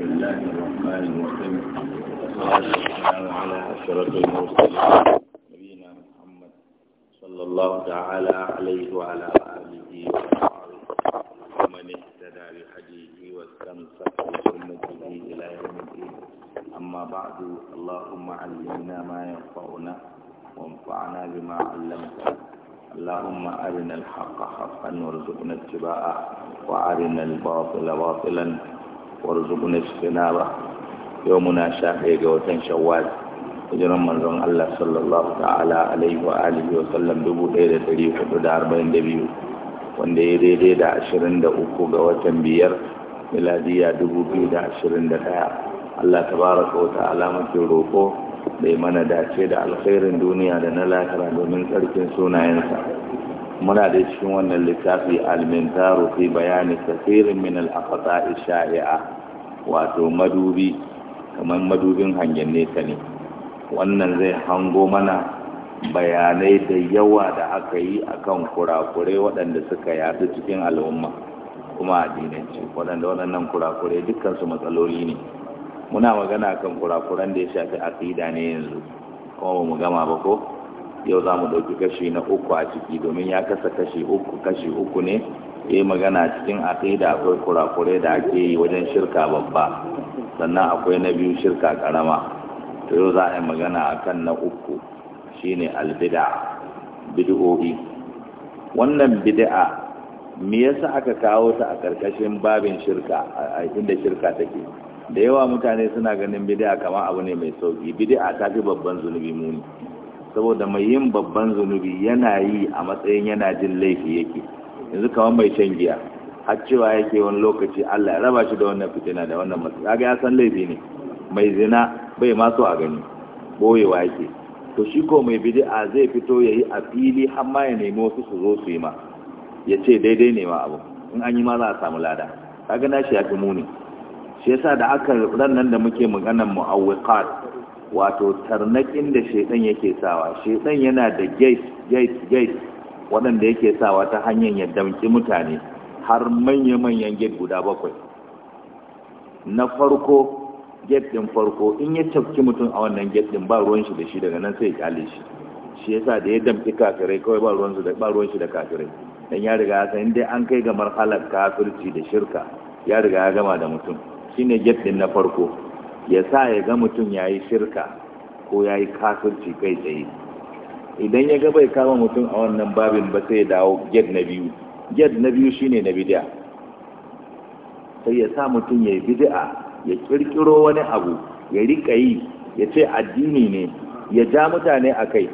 بسم الله الرحمن الرحيم والصلاة والسلام على أشرف المرسلين نبينا محمد صلى الله تعالى عليه وعلى آله وصحبه ومن اهتدى بهديه واستمسك بسنته إلى يوم الدين أما بعد اللهم علمنا ما ينفعنا وانفعنا بما علمتنا اللهم أرنا الحق حقا وارزقنا اتباعه وأرنا الباطل باطلا warzuqna istinaba yau muna sha ga watan shawwal hijiran manzon Allah sallallahu ta'ala alaihi wa alihi wa sallam dubu ɗaya da ɗari hudu da arba'in da biyu wanda ya daidai da ashirin da uku ga watan biyar miladiya dubu biyu da ashirin da ɗaya Allah tabaraka wa ta'ala mafi roƙo bai mana dace da alkhairin duniya da na lahira domin tsarkin sunayensa muna da cikin wannan littafi almintaru fi bayani kafirin min al-aqta shaia wato madubi kamar madubin hangen nesa ne wannan zai hango mana bayanai da yawa da aka yi akan kurakurai waɗanda suka yadu cikin al'umma kuma addinanci waɗanda waɗannan kurakurai dukkansu matsaloli ne muna magana kan kurakuran da ya shafi aƙida ne yanzu kuma ba mu gama ba ko yau za mu ɗauki kashi na uku a ciki domin ya kasa kashi uku kashi uku ne ya eh, yi magana cikin aƙida akwai kurakurai da ake yi wajen shirka babba sannan akwai na biyu shirka ƙarama to yau za a yi magana a kan na uku shine albida bid'o'i wannan bid'a me yasa aka kawo ta a ƙarƙashin babin shirka a inda shirka take da yawa mutane suna ganin bid'a kamar abu ne mai sauki bid'a ta fi babban zunubi muni saboda mai yin babban zunubi yana yi a matsayin yana jin laifi yake yanzu kamar mai shan giya har cewa yake wani lokaci Allah ya raba shi da wannan fitina da wannan matsayi ga ya san laifi ne mai zina bai ma a gani boyewa yake to shi ko mai bid'a zai fito yayi a fili har ma ya nemi wasu su zo su yi ma ya ce daidai ne ma abu in an yi ma za a samu lada kaga nashi ya fi muni shi yasa da aka rannan da muke maganan mu'awwiqat wato tarnakin da shaidan yake sawa shaidan yana da gate gate gate waɗanda yake sawa ta hanyar ya damki mutane har manya-manyan gate guda bakwai na farko gate ɗin farko in ya cafki mutum a wannan gate ɗin ba ruwan shi da shi daga nan sai ya kyale shi shi yasa da ya damki kafirai kawai ba ruwan da ba ruwan shi da kafirai dan ya riga ya san dai an kai ga marhalar kafirci da shirka ya riga ya gama da mutum shine gate ɗin na farko ya sa ya ga mutum ya yi shirka ko ya yi kafirci kai tsaye idan ya ga bai kama mutum a wannan babin ba sai ya dawo ged na biyu ged na biyu shine na bidiya sai ya sa mutum ya yi bidiya ya kirkiro wani abu ya rika yi ya ce addini ne ya ja mutane a kai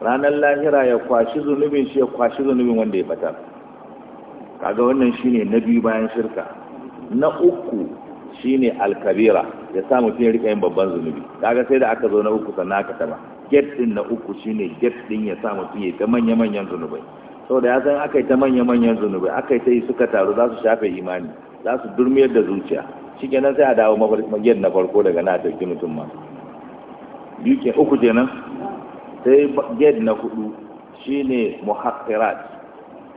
ranar lahira ya kwashi zunubin shi ya kwashi zunubin wanda ya fata kaga wannan shine na biyu bayan shirka na uku shine alkabira ya sa mutum ya rika yin babban zunubi kaga sai da aka zo na uku sannan aka tama get din na uku shine get din ya sa mutum ya ta manya manyan zunubai saboda ya san aka yi ta manya manyan zunubai aka yi ta yi suka taru za su shafe imani za su durmiyar da zuciya shikenan sai a dawo mafarkin na farko daga na tafi mutum ma biyu ke uku kenan sai get na hudu shine muhaqqirat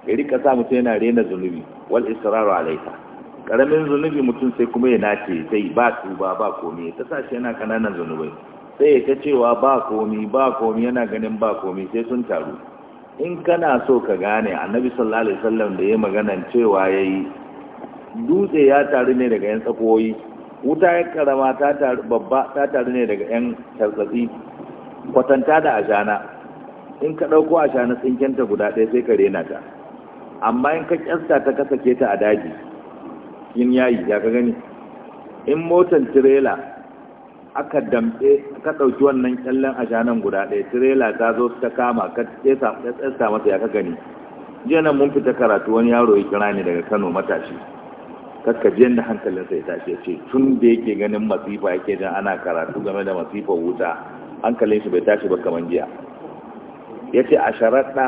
ya rika sa mutum yana rena zunubi wal israru alaiha karamin zunubi mutum sai kuma ya nace sai ba tuba ba komi ta sashi yana kananan zunubai sai ya ta cewa ba komi ba komi yana ganin ba komi sai sun taru in kana so ka gane annabi sallallahu alaihi wasallam da ya maganan cewa yayi dutse ya taru ne daga yan tsakoyi wuta ya karama ta taru babba ta taru ne daga yan tsatsi kwatanta da ajana in ka dauko ashana tsinkenta guda ɗaya sai ka rena ta amma in ka kyasta ta kasake ta a daji yin yayi ya ga gani in motar tirela aka damɗe ka ɗauki wannan kyallen a shanan guda ɗaya tirela ta zo ta kama ka tsesa mata ya ka gani jiya nan mun fita karatu wani yaro ya kira ni daga kano matashi kakkajiyar da hankalinsa ya tashi ya ce tun da yake ganin masifa yake jan ana karatu game da masifar wuta hankalin shi bai tashi ba kamar jiya ya ce a sharaɗa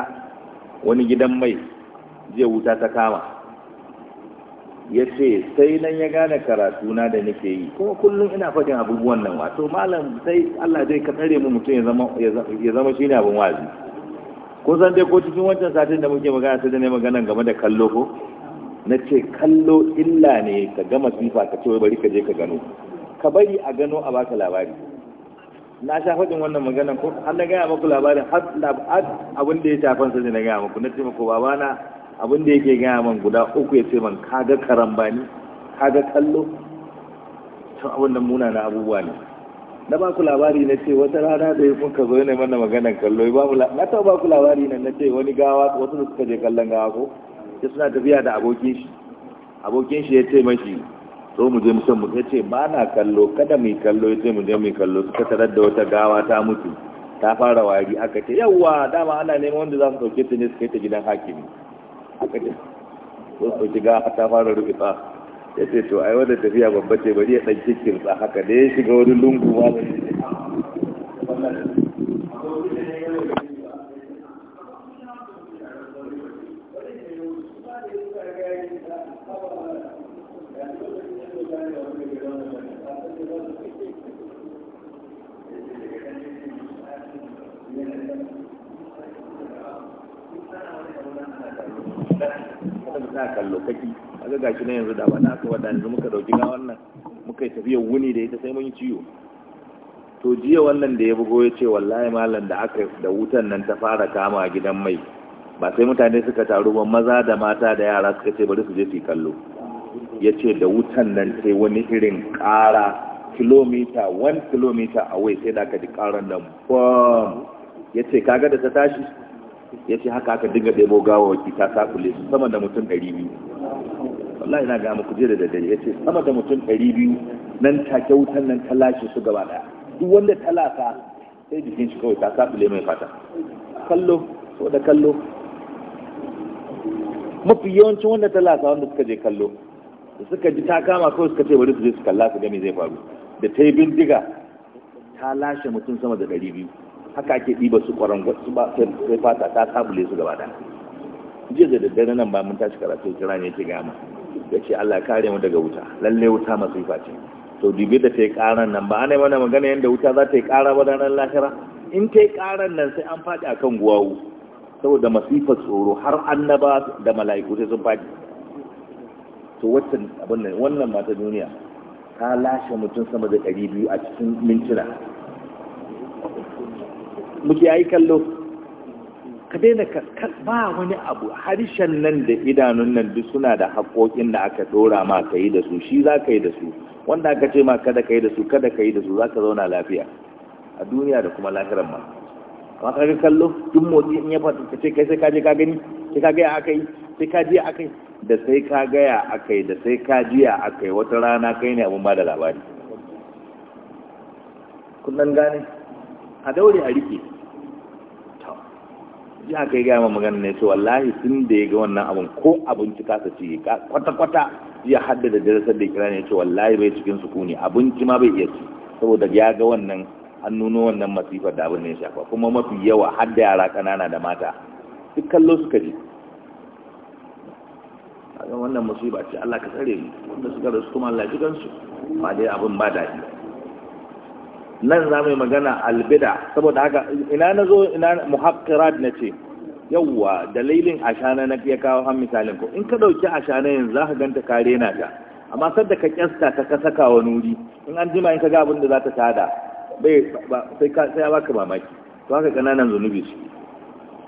wani gidan mai jiya wuta ta kama ya ce sai nan ya gane karatuna da nake yi kuma kullum ina fadin abubuwan nan wato malam sai Allah zai ka tsare mu mutum ya zama shi ne abin wazi ko san dai ko cikin wancan satin da muke magana sai da ne magana game da kallo ko na ce kallo illa ne ka gama sifa ka ce bari ka je ka gano ka bari a gano a baka labari na sha fadin wannan magana ko an na gaya maku labarin har abin da ya shafan sai na gaya maku na ce muku babana abin da yake gaya man guda uku ya ce man kaga karambani kaga kallo to abin da muna na abubuwa ne na ba ku labari na ce wata rana da kun ka zo ne mana magana kallo ba mu na ta ba ku labari na na ce wani gawa wasu da suka je kallon gawa ko sai suna tafiya da abokin shi abokin shi ya ce mashi To mu je musan mu ce ba na kallo kada mu kallo ya ce mu je mu kallo suka tarar da wata gawa ta mutu ta fara wari aka ce yawwa dama ana neman wanda za su dauke ta ne suka yi ta gidan hakimi so so shiga ta fara rubitsa ya ce to ai wadda tafiya babba ce bari ya ɗan kikkinsa haka da ya shiga wani lungu ma da Thank ah, you. na kallo kaki aga gashi na yanzu da ba na aka wada yanzu muka dauki ga wannan muka yi tafiyar wuni da ita sai mun ciwo to jiya wannan da ya bugo ya ce wallahi malam da aka da wutan nan ta fara kama a gidan mai ba sai mutane suka taru ba maza da mata da yara suka ce bari su je su kallo ya ce da wutan nan sai wani irin ƙara kilomita 1 kilomita away sai da aka ji ƙaran nan ya ce kaga da ta tashi ya ce haka aka dinga ɗebo gawawaki ta kule su sama da mutum ɗari biyu wallahi na ga muku je da daddare ya ce sama da mutum ɗari biyu nan take wutan nan ta lashe su gaba ɗaya duk wanda ta lasa sai jikin shi kawai ta kule mai fata kallo so da kallo mafi yawancin wanda ta lasa wanda suka je kallo da suka ji ta kama kawai suka ce bari su je su kalla su gani zai faru da ta yi bindiga ta lashe mutum sama da ɗari biyu haka ake ɗiba su kwarangon su ba sai fata ta sabule su gaba da jiya da daddare nan ba mun tashi karatu kira ne ake gama ya ce Allah kare mu daga wuta lalle wuta masu ifa ce to dibi da ta yi karan nan ba ana mana magana yadda wuta za ta yi kara ba ranar lahira in ta yi karan nan sai an faɗi akan guwawu saboda masifar tsoro har annaba da mala'iku sai sun faɗi to wannan abin nan wannan mata duniya ta lashe mutum sama da ɗari biyu a cikin mintuna muke yi kallo ka daina ka ba wani abu harshen nan da idanun nan duk suna da haƙoƙin da aka ɗora ma ka yi da su shi za ka yi da su wanda aka ce ma kada ka yi da su kada ka yi da su za ka zauna lafiya a duniya da kuma lahiran ma amma ka ga kallo duk motsi in ya fata ka ce kai sai ka je ka gani sai ka gaya aka yi sai ka jiya aka yi da sai ka gaya aka yi da sai ka jiya aka yi wata rana kai ne abin ba da labari kun gane a daure a rike ya kai gaya ma magana ne to wallahi tun da ya ga wannan abun ko abinci kasa ci kwata-kwata ya haddada darasar da kira ne to wallahi bai cikin su sukuni abinci ma bai iya ci saboda ya ga wannan an nuno wannan masifar da abin ne shafa kuma mafi yawa har yara kanana da mata duk kallo suka ji kaga wannan musiba ce Allah ka tsare mu wanda suka rasu kuma Allah ya ji gansu ba dai abin ba daɗi nan za mu yi magana albida saboda haka ina na zo ina muhakkirat na ce yawwa dalilin ashana na ya kawo han misalin ko in ka ɗauki ashana yanzu za ka ganta kare na ta amma sadda ka kyasta ta ka saka wa nuri in an jima in ka ga abin da za ta tada bai sai ka sai baka mamaki to haka kananan zunubi su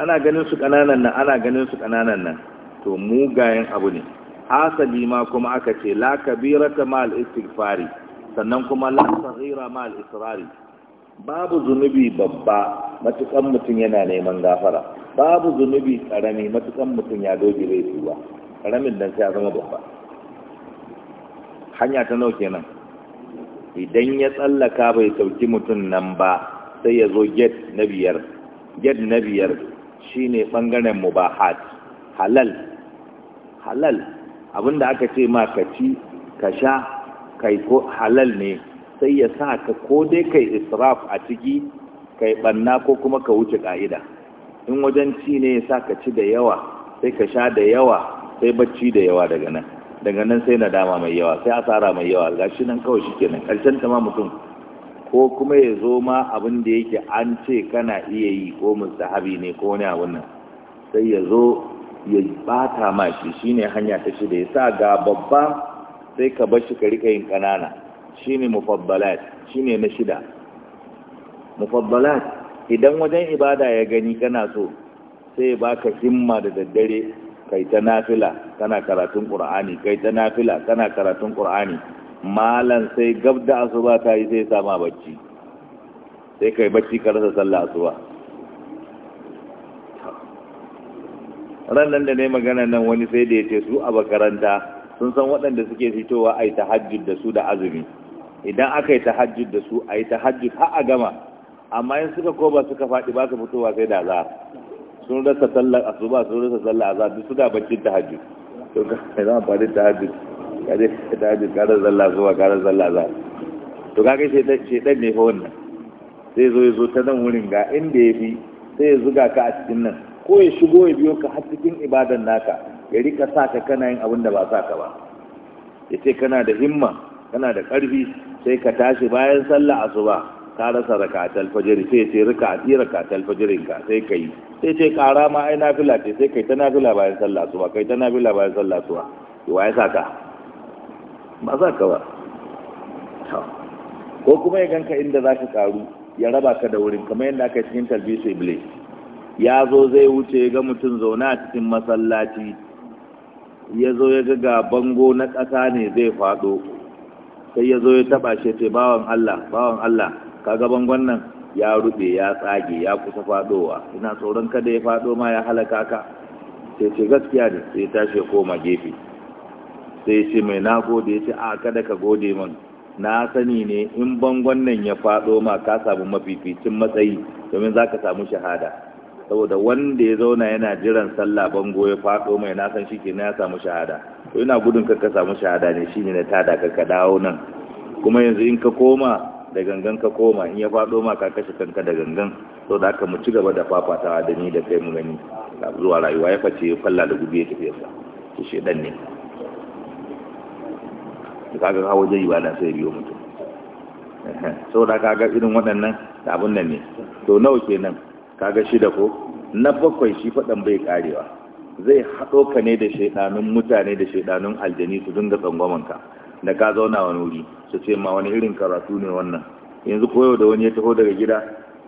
ana ganin su kananan nan ana ganin su kananan nan to mugayen abu ne asali ma kuma aka ce la kabirata mal istighfari sannan kuma la saghira ma al babu zunubi babba matukan mutum yana neman gafara babu zunubi karami matukan mutum ya doge rai tuba karamin dan sai ya zama babba hanya ta nau kenan idan ya tsallaka bai sauki mutum nan ba sai ya zo get na biyar get na biyar shine bangaren mubahat halal halal abinda aka ce ma ka ci ka sha kai ko halal ne sai ya sa ka ko dai kai israf a ciki kai banna ko kuma ka wuce ka'ida in wajen ci ne ya sa ka ci da yawa sai ka sha da yawa sai bacci da yawa daga nan daga nan sai nadama mai yawa sai asara mai yawa gashi nan kawai shikenan karshen ta ma mutum ko kuma ya zo ma abin da yake an ce kana iya yi ko mustahabi ne ko wani abin nan sai ya zo ya bata ma shi shine hanya ta shi da ya sa ga babba sai ka bar shi ka rika yin kanana shine mufaddalat shine na shida mufaddalat idan wajen ibada ya gani kana so sai baka himma da daddare kai ta nafila kana karatun qur'ani kai ta nafila kana karatun qur'ani malan sai gab da asuba ta yi sai sama bacci sai kai bacci ka rasa sallah asuba ran nan da ne magana nan wani sai da ya ce su a makaranta sun san waɗanda suke fitowa a yi tahajjud da su da azumi idan aka yi tahajjud da su a yi tahajjud har a gama amma yin suka ko ba suka faɗi ba su fitowa sai da za sun rasa sallar asuba sun rasa sallar azhar duk suna ta tahajjud to ka zama faɗin tahajjud ka je tahajjud ka rasa sallar asuba ka rasa sallar azar to kaga shedan ne fa wannan sai zo ya zo ta nan wurin ga inda ya fi sai ya zuga ka a cikin nan ko ya shigo ya biyo ka har cikin ibadan naka ya rika sa ka kana yin abin da ba sa ka ba ya ce kana da himma kana da ƙarfi sai ka tashi bayan sallah asuba ka rasa rakatal fajiri sai ce rika ti rakatal fajirin ka sai ka yi. sai ce ƙara ma ai nafila ce sai kai ta nafila bayan sallah asuba kai ta nafila bayan sallah asuba wa ya sa ka ba sa ka ba ko kuma ya ganka inda za ka karu ya raba ka da wurin kamar yadda aka cikin talbisu iblis ya zo zai wuce ga mutum zaune a cikin masallaci ya zo ya ga bango na ƙasa ne zai faɗo sai ya zo ya taɓa shi ce bawan Allah bawan Allah kaga bangon nan ya rube ya tsage ya kusa faɗowa ina tsoron kada ya faɗo ma ya halaka ka sai ce gaskiya ne sai ya tashi koma gefe sai ce mai na gode ya ce a kada ka gode min na sani ne in bangon nan ya faɗo ma ka samu mafificin matsayi domin za ka samu shahada saboda wanda ya zauna yana jiran sallah bango ya faɗo mai na san shi na ya samu shahada to ina gudun ka samu shahada ne shine na tada ka ka dawo nan kuma yanzu in ka koma da gangan ka koma in ya faɗo ma ka kashe kanka da gangan to da haka mu ci gaba da fafatawa da ni da kai mu gani zuwa rayuwa ya face falla da gubi ya tafi sa to dan ne kaga ka waje ibada sai biyo mutum saboda kaga irin waɗannan da abun nan ne to nawa kenan kaga shida ko na bakwai shi faɗan bai karewa zai haɗo ka ne da shaidanun mutane da shaidanun aljani su dinga tsangwamanka da ka zauna wani wuri su ce ma wani irin karatu ne wannan yanzu koyo da wani ya taho daga gida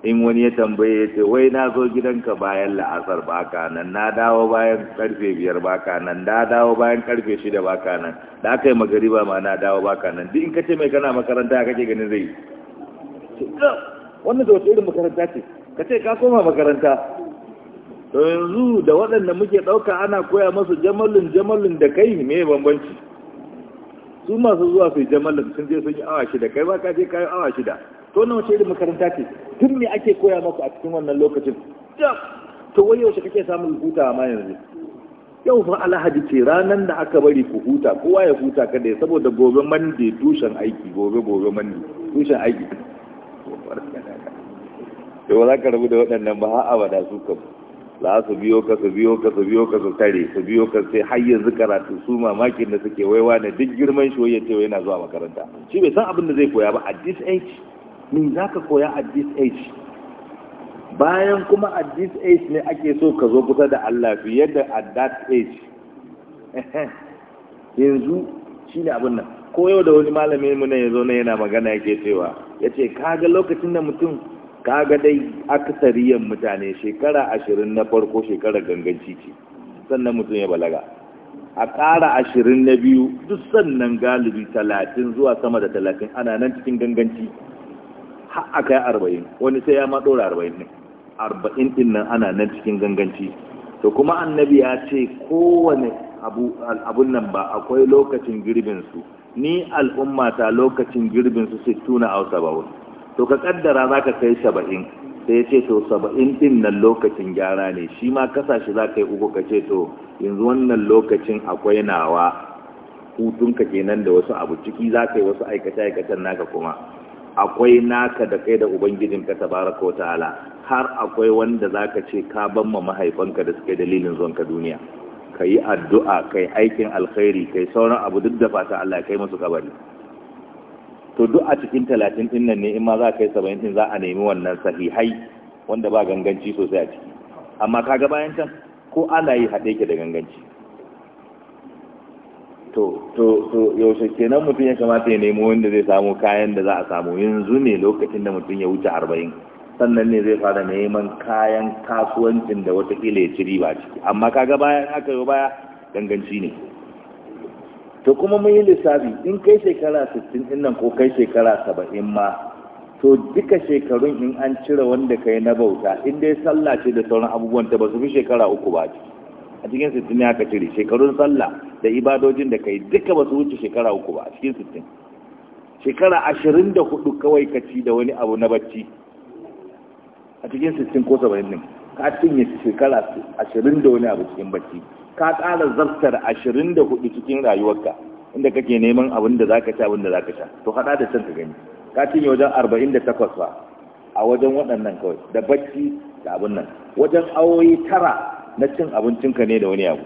in wani ya tambaye ya ce wai na zo gidanka bayan la'asar baka nan na dawo bayan karfe biyar baka nan da dawo bayan karfe shida baka nan da aka yi magariba ma na dawo baka nan duk in ka ce mai kana makaranta kake ganin zai yi. wannan da wata irin makaranta ce ka ce ka koma makaranta to yanzu da waɗanda muke ɗauka ana koya masu jamalin jamalin da kai me bambanci su masu zuwa su jamalin sun je sun yi awa shida kai ba ka je kayan awa shida to nawa wace makaranta ce tun me ake koya maku a cikin wannan lokacin to wai yaushe kake samun huta ma yanzu yau fa alhaji ce ranar da aka bari ku huta kowa ya huta kada saboda gobe mande tushen aiki gobe gobe mande tushen aiki sai za ka rabu da waɗannan ba ba da su kam za su biyo ka su biyo ka su biyo ka su tare su biyo ka sai har yanzu karatu su mamakin da suke waiwa da duk girman shi wayan cewa yana zuwa makaranta shi bai san abin da zai koya ba at this age ni za ka koya at this age bayan kuma at this age ne ake so ka zo kusa da Allah fiye da at that age yanzu shi ne abin nan ko yau da wani malamin mu ne ya zo ne yana magana yake cewa yace kaga lokacin da mutum kaga dai aksariyan mutane shekara ashirin na farko shekara ganganci ce sannan mutum ya balaga a ƙara ashirin na biyu duk sannan galibi talatin zuwa sama da talatin ana nan cikin ganganci har a kai arba'in wani sai ya ma ɗora arba'in ne arba'in ɗin nan ana nan cikin ganganci to kuma annabi ya ce kowane abun nan ba akwai lokacin girbinsu ni al'ummata lokacin girbinsu su tuna a ba wani to ka kaddara za ka kai saba'in sai ya ce to saba'in din nan lokacin gyara ne shi ma kasashe za ka yi uku ka ce to yanzu wannan lokacin akwai nawa hutunka kenan da wasu abu ciki za ka yi wasu aikace-aikacen naka kuma akwai naka da kai da ubangijin ka tabaraka wa ta'ala har akwai wanda za ka ce ka ban ma mahaifanka da suke dalilin zuwan ka duniya yi addu'a kai aikin alkhairi kai sauran abu duk da fata Allah kai musu kabari to duk a cikin talatin din nan ne in ma za ka yi saba'in din za a nemi wannan sahihai wanda ba ganganci sosai a ciki amma ka ga bayan can ko ana yi haɗe ke da ganganci to to to yaushe kenan mutum ya kamata ya nemo wanda zai samu kayan da za a samu yanzu ne lokacin da mutum ya wuce arba'in sannan ne zai fara neman kayan kasuwancin da watakila ya ci riba ciki amma kaga bayan aka yi baya ganganci ne to kuma mun yi lissafi in kai shekara 60 din nan ko kai shekara 70 ma to duka shekarun in an cire wanda kai na bauta in dai sallah ce da sauran abubuwan ta ba su fi shekara uku ba a cikin 60 ne aka cire shekarun sallah da ibadojin da kai duka ba su wuce shekara uku ba a cikin 60 shekara 24 kawai ka ci da wani abu na bacci a cikin 60 ko 70 din ka cinye shekara 20 da wani abu cikin bacci ka ƙara zartar ashirin da hudu cikin rayuwarka inda kake neman abin da zaka ci abin da zaka sha to hada da can ka gani ka cinye wajen arba'in da takwas ba a wajen waɗannan kawai da bacci da abin nan wajen awoyi tara na cin abincinka ne da wani abu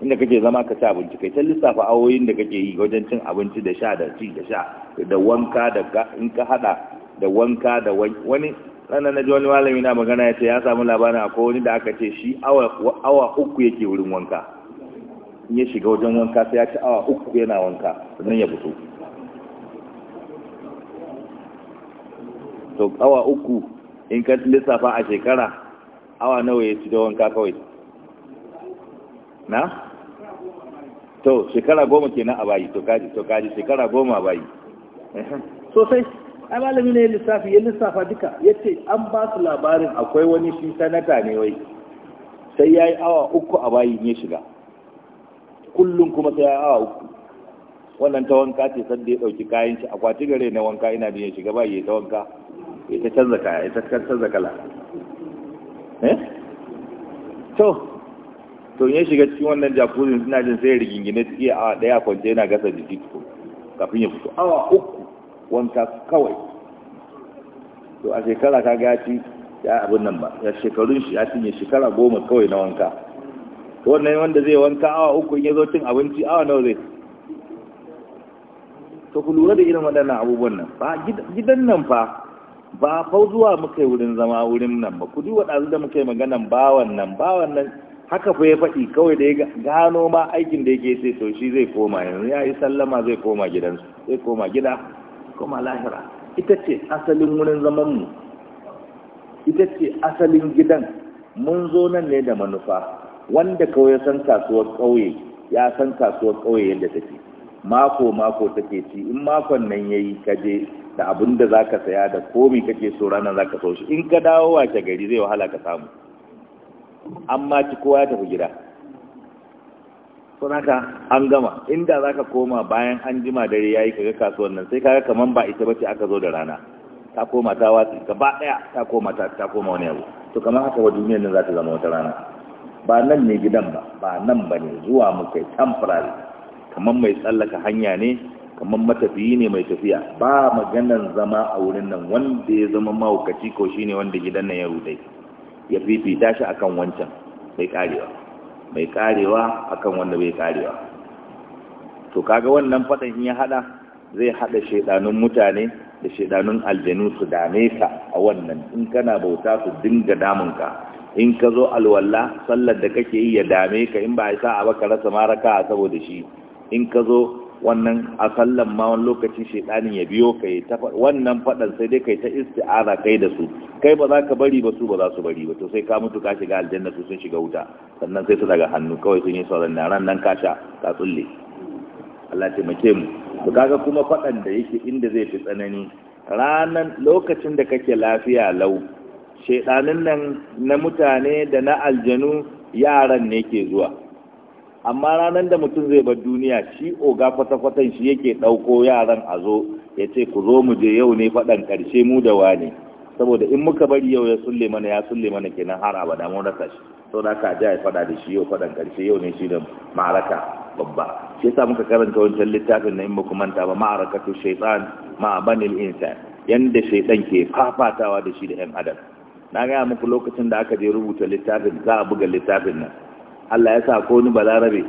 inda kake zama ka ci abinci kai ta lissafa awoyin da kake yi wajen cin abinci da sha da ci da sha da wanka da in ka hada da wanka da wani sannan na ji wani malami na magana ya ce ya samu labarin akwai wani da aka ce shi awa uku yake wurin wanka in ya shiga wajen wanka sai ya ce awa uku yana wanka sannan ya fito to awa uku in ka lissafa a shekara awa nawa ya ci da wanka kawai na? to shekara goma ke a abayi to kaji to kaji shekara goma a sosai a malami ne ya lissafi ya lissafa duka ya ce an ba su labarin akwai wani shi sanata ne wai sai ya yi awa uku a bayin ya shiga kullum kuma sai ya yi awa uku wannan ta wanka ce sanda ya ɗauki kayan shi akwati gare na wanka ina da ya shiga ba ya ta wanka ya ta canza kaya ya ta canza kala eh to to ya shiga cikin wannan jakurin suna jin sai rigingine ciki a ɗaya kwance yana gasa jiki kafin ya fito awa uku wanka kawai to a shekara ka gaci ya abin nan ba ya shekarun shi ya cinye shekara goma kawai na wanka wannan wanda zai wanka awa uku ya zo cin abinci awa nawa zai to ku lura da irin waɗannan abubuwan nan ba gidan nan fa ba fau zuwa muka wurin zama wurin nan ba ku ji waɗansu da muka yi maganan bawan nan bawan nan haka fa ya faɗi kawai da ya gano ma aikin da yake sai to shi zai koma yanzu ya yi sallama zai koma gidansu zai koma gida kuma lahira ita ce asalin wurin zamanmu ita ce asalin gidan mun zo nan ne da manufa wanda kawai san kasuwar ƙauye ya san kasuwar ƙauye yadda take mako mako take ci in makon nan yayi kaje da abin da zaka saya da komi kake so ranar zaka so shi in ka dawo wace gari zai wahala ka samu amma ci kowa ya tafi gida sun ka! an gama inda za ka koma bayan an jima dare ya yi kaga kasuwan nan sai kaga kamar ba ita bace aka zo da rana ta koma ta watsi gaba daya ta koma ta ta koma wani abu to kamar haka wa duniyar nan za ta zama wata rana ba nan ne gidan ba ba nan ba ne zuwa mu kai temporary kamar mai tsallaka hanya ne kamar matafiyi ne mai tafiya ba maganan zama a wurin nan wanda ya zama mahaukaci ko shine wanda gidan nan ya rudai ya fifita shi akan wancan sai karewa mai karewa akan wanda bai karewa to kaga wannan faɗan in ya hada zai hada shedanun mutane da shedanun aljanu su dame ka a wannan in kana bauta su dinga damun ka, in ka zo alwala sallar da kake yi ya dame ka in ba a sa a baka rasa maraka saboda shi in ka zo wannan a sallan ma wani lokaci shaidanin ya biyo kai ta wannan fadan sai dai kai ta isti'ara kai da su kai ba za ka bari ba su ba za su bari ba to sai ka mutu ka shiga aljanna su sun shiga wuta sannan sai su daga hannu kawai sun yi sauran na ran nan ka sha ka tsulle Allah ya taimake mu to kaga kuma fadan da yake inda zai fi tsanani ranan lokacin da kake lafiya lau shaidanin nan na mutane da na aljanu yaran ne ke zuwa amma ranar da mutum zai bar duniya shi oga kwata-kwatan shi yake ɗauko yaran a zo ya ce ku zo mu je yau ne faɗan ƙarshe mu da wani saboda in muka bari yau ya sulle mana ya sulle mana kenan har abada mun rasa shi sau da aka ja ya faɗa da shi yau faɗan ƙarshe yau ne shi da ma'araka babba shi yasa muka karanta wancan littafin na in ba manta ba ma'arakatu shaitan ma banil insan yanda shaitan ke fafatawa da shi da yan adam na gaya muku lokacin da aka je rubuta littafin za a buga littafin nan Allah ya sa ko ni balarabe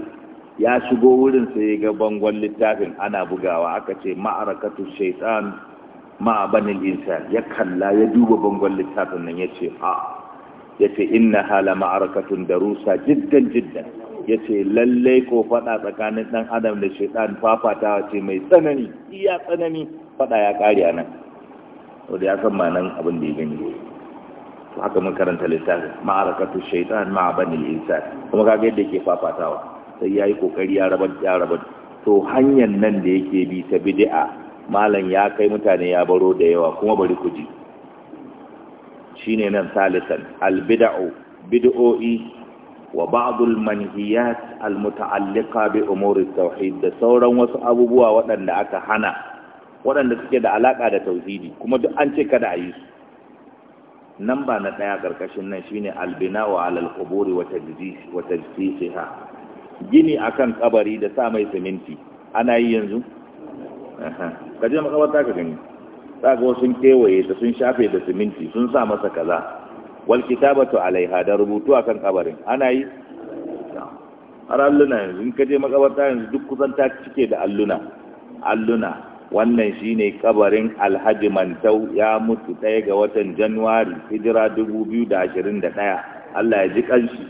ya shigo wurin sai ya ga bangon littafin ana bugawa aka ce ma'arakatu shaitan banil insan ya kalla ya duba bangon littafin nan ya ce a ya ce inna hala ma'arakatun da rusa jiddan jiddan ya ce lallai ko faɗa tsakanin ɗan adam da shaitan fafatawa ce mai tsanani iya tsanani faɗa ya kare a nan wadda ya san ma abin da ya gani haka mun karanta littafin ma'arakatu shaitan a bani insan kuma kaga yadda ke fafatawa sai yayi kokari ya raba ya raba to hanyar nan da yake bi ta bidi'a malam ya kai mutane ya baro da yawa kuma bari ku ji shine nan salisan al bid'u bid'o'i wa ba'dul manhiyat al muta'alliqa bi umuri tauhid da sauran wasu abubuwa waɗanda aka hana waɗanda suke da alaka da tauhidi kuma duk an ce kada a yi su namba na ɗaya ƙarƙashin nan shine albina wa alal quburi wa tajsisiha gini akan kabari da sa mai siminti ana yi yanzu ka je makabarta ka gani za ga sun kewaye ta sun shafe da siminti sun sa masa kaza wal kitabatu alaiha da rubutu akan kabarin ana yi har alluna yanzu in ka je makabarta yanzu duk kusan ta cike da alluna alluna wannan shine kabarin alhaji mantau ya mutu ɗaya ga watan januwari hijira 2021 Allah ya ji ƙanshi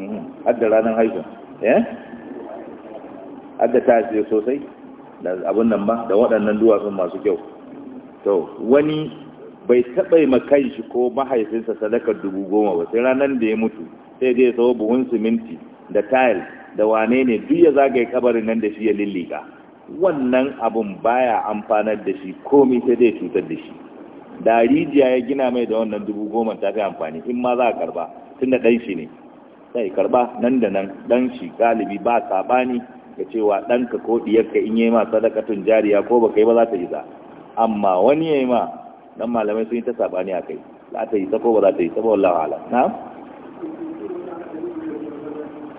mm-hmm. hadda ranar haifun eh? hadda ta ce sosai da abin nan ba da waɗannan duwatsun masu kyau to wani bai taɓa makan shi ko mahaifinsa sadakar dubu goma ba sai ranar da ya mutu sai dai sau buhun siminti da tayil da wane ne duk ya zagaye kabarin nan da shi ya lillika wannan abun baya amfanar da shi komai sai dai cutar da shi da rijiya ya gina mai da wannan dubu goma ta fi amfani in ma za a karba tun da ɗan shi ne sai karba nan da nan ɗan shi galibi ba saɓani ga cewa ɗanka ko ɗiyarka in yi ma sadakatun jariya ko ba kai ba za ta yi za amma wani ya yi ma ɗan malamai sun yi ta saɓani a kai za ta yi ta ko ba za ta yi ta ba wallahu ala na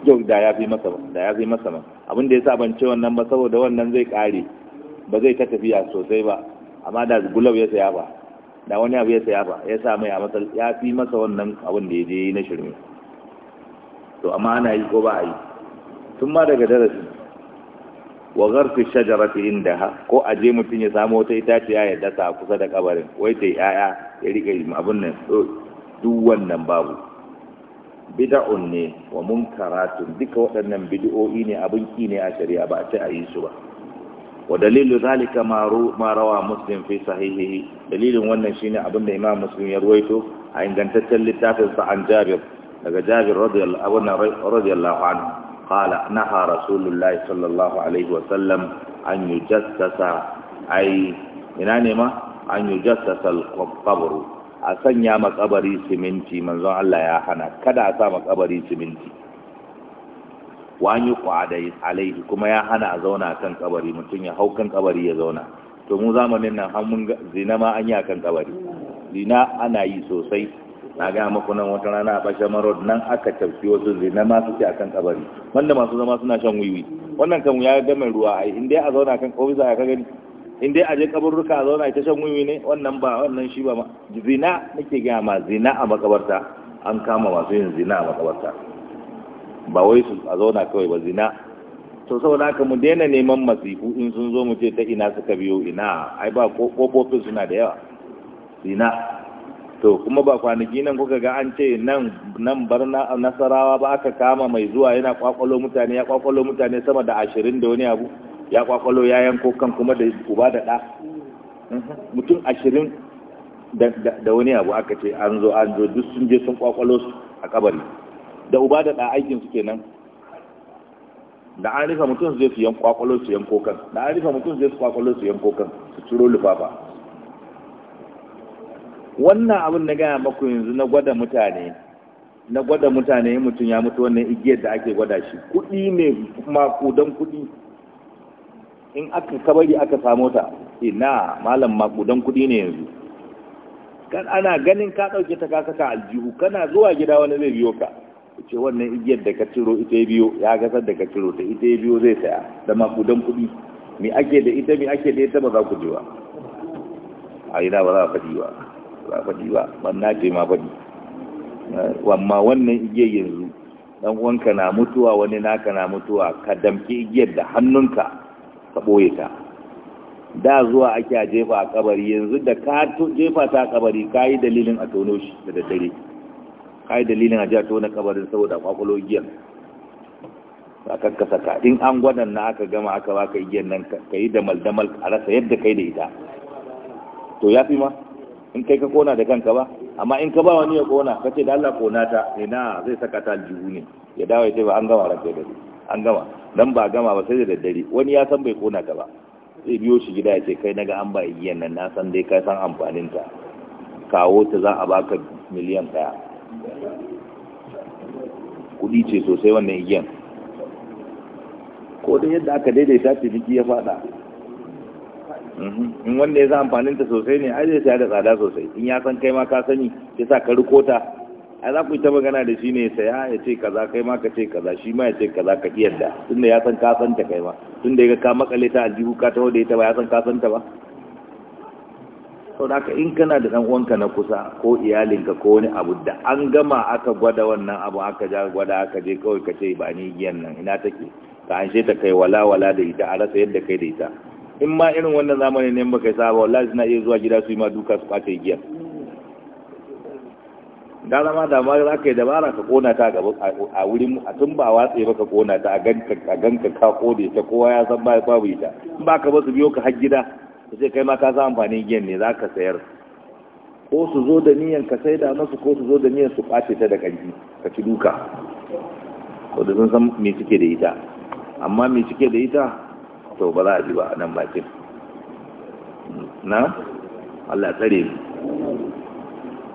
yau da ya fi masa da ya fi masa abin da sa ban ce wannan ba saboda wannan zai kare ba zai ta tafiya sosai ba amma da gulab ya saya ba da wani abu ya saya ba ya sa mai a ya fi masa wannan abin da ya je na shirme to amma ana yi ko ba a yi tun ma daga darasi wa garfi shajarati ha? ko a je mutum ya samu wata itaciya ya dasa kusa da kabarin wai ta yaya ya rike abin nan duk wannan babu bida'un ne wa munkaratun duka waɗannan bid'o'i ne abin ki ne a shari'a ba a ce a yi su ba wa dalilu zalika ma rawa muslim fi sahihihi dalilin wannan shine abin da imam muslim ya ruwaito a ingantaccen littafin sa an jabir daga jabir radiyallahu anhu qala naha rasulullahi sallallahu alaihi wa sallam an yujassasa ai ina ne ma an yujassasa al-qabru a sanya makabari siminti manzon Allah ya hana kada a sa makabari siminti wani kwadai alaihi kuma ya hana a zauna kan kabari mutum ya hau kan kabari ya zauna to mu zamanin nan har mun zina ma an yi kan kabari zina ana yi sosai na ga muku nan wata rana a bashan marod nan aka tafi wasu zina ma suke akan kabari wanda masu zama suna shan wiwi wannan kan ya ga mai ruwa ai in dai a zauna kan kabari za ka gani in dai je kaburruka a zauna ita shan wiwi ne wannan ba wannan shi ba zina nake gaya ma zina a makabarta an kama masu yin zina a makabarta ba wai su a zauna kawai ba zina to da aka mu daina neman masifu in sun zo mu ce ta ina suka biyo ina ai ba kofofin suna da yawa zina to kuma ba kwanaki nan kuka ga an ce nan nan bar nasarawa ba aka kama mai zuwa yana kwakwalo mutane ya kwakwalo mutane sama da ashirin da wani abu ya kwakwalo ya yanko kan kuma da uba da ɗa mutum ashirin da wani abu aka ce an zo an zo duk sun je sun kwakwalo su a kabari da uba da ɗa aikin su kenan da an rufe mutum zai su yan kwakwalo su yanko kan da an rufe mutum zai su kwakwalo su yanko kan su ciro lufafa wannan abin na gaya maku yanzu na gwada mutane na gwada mutane mutum ya mutu wannan igiyar da ake gwada shi kuɗi ne maku kudan kuɗi in aka kabari aka samo ta ina malam makudan kudi ne yanzu kan ana ganin ka dauke ta ka saka aljihu kana zuwa gida wani zai biyo ka ce wannan igiyar da ka ciro ita ya biyo ya gasar da ka ciro ta ita ya biyo zai saya da makudan kudi me ake da ita me ake da ita ba za ku ji ba a ina ba za a faɗi ba ba a faɗi ba ban na ce ma faɗi amma wannan igiyar yanzu dan uwanka na mutuwa wani naka na mutuwa ka damke igiyar da hannunka ka ɓoye ta da zuwa ake a jefa a kabari yanzu da ka jefa ta a kabari ka yi dalilin a tono shi da daddare ka yi dalilin a jiya tona kabarin saboda kwakwalo giyan ba kasa ka in an gwadon na aka gama aka baka giyan nan ka yi da maldamal a rasa yadda kai da ita to ya fi ma in kai ka kona da kanka ba amma in ka ba wani ya kona ka ce da Allah kona ta ina zai saka ta aljihu ne ya dawo ya ce ba an gama rafe da su an gama dan ba gama ba sai da daddare wani ya san bai kona ka ba zai biyo shi gida ya ce kai naga an ba igiyan nan na san dai ka san amfanin ta kawo ta za a baka miliyan daya kudi ce sosai wannan igiyan ko dai yadda aka daidaita ciniki ya fada mhm. in wanda ya san amfanin ta sosai ne ai zai sai da tsada sosai in ya san kai ma ka sani ya sa ka riko ta ai za ku yi ta magana da shi ne saya ya ce kaza kai ma ka ce kaza shi ma ya ce kaza ka kiyarda tunda ya san ka san ta kai ma tunda ya ka makale ta aljihu ka taho da ita ba ya san ka san ta ba sau da haka in kana da ɗan uwanka na kusa ko iyalinka ko wani abu da an gama aka gwada wannan abu aka ja gwada aka je kawai ka ce ba ni giyan nan ina take ka anshe ta kai wala wala da ita a rasa yadda kai da ita in ma irin wannan zamani ne baka yi saba wallahi suna iya zuwa gida su yi ma duka su kwace giyan gara da ma za ka yi dabara ka kona ta a wuri a tun ba watse ba ka kona ta a ganka ka kode ta kowa ya san ba babu ita in ba ka ba su biyo ka har gida su ce kai ma ka za amfanin giyan ne za ka sayar ko su zo da niyan ka sai da masu ko su zo da niyan su ɓace ta da ƙarfi ka ci duka ko da sun san me suke da ita amma me suke da ita to ba za a ji ba a nan bakin na Allah tsare mu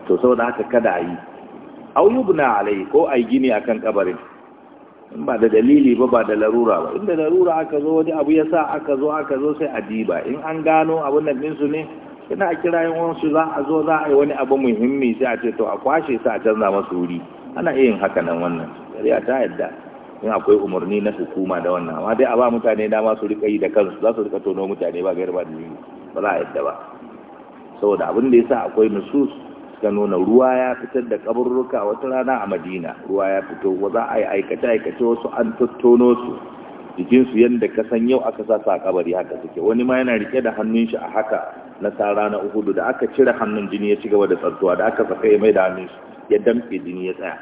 to saboda haka kada a yi au alai ko a yi gini akan kabarin in ba da dalili ba ba da larura ba inda larura aka zo wani abu ya sa aka zo aka zo sai a diba in an gano abin nan ɗinsu ne ina kira yin wasu za a zo za a yi wani abu muhimmi sai a ce to a kwashe sa a canza masu wuri ana iya yin haka nan wannan shari'a ta yadda in akwai umarni na hukuma da wannan amma dai a ba mutane dama su rika yi da kansu za su rika tono mutane ba gairba da ba za a yadda ba saboda abin da ya sa akwai nusus suka nuna ruwa ya fitar da kaburruka wata rana a madina ruwa ya fito wa za a yi aikace-aikace wasu an tattono su jikinsu yadda ka san yau aka sa a kabari haka suke wani ma yana rike da hannun shi a haka na sara na uhudu da aka cire hannun jini ya ci gaba da tsartuwa da aka saka ya mai da hannun shi ya damfe jini ya tsaya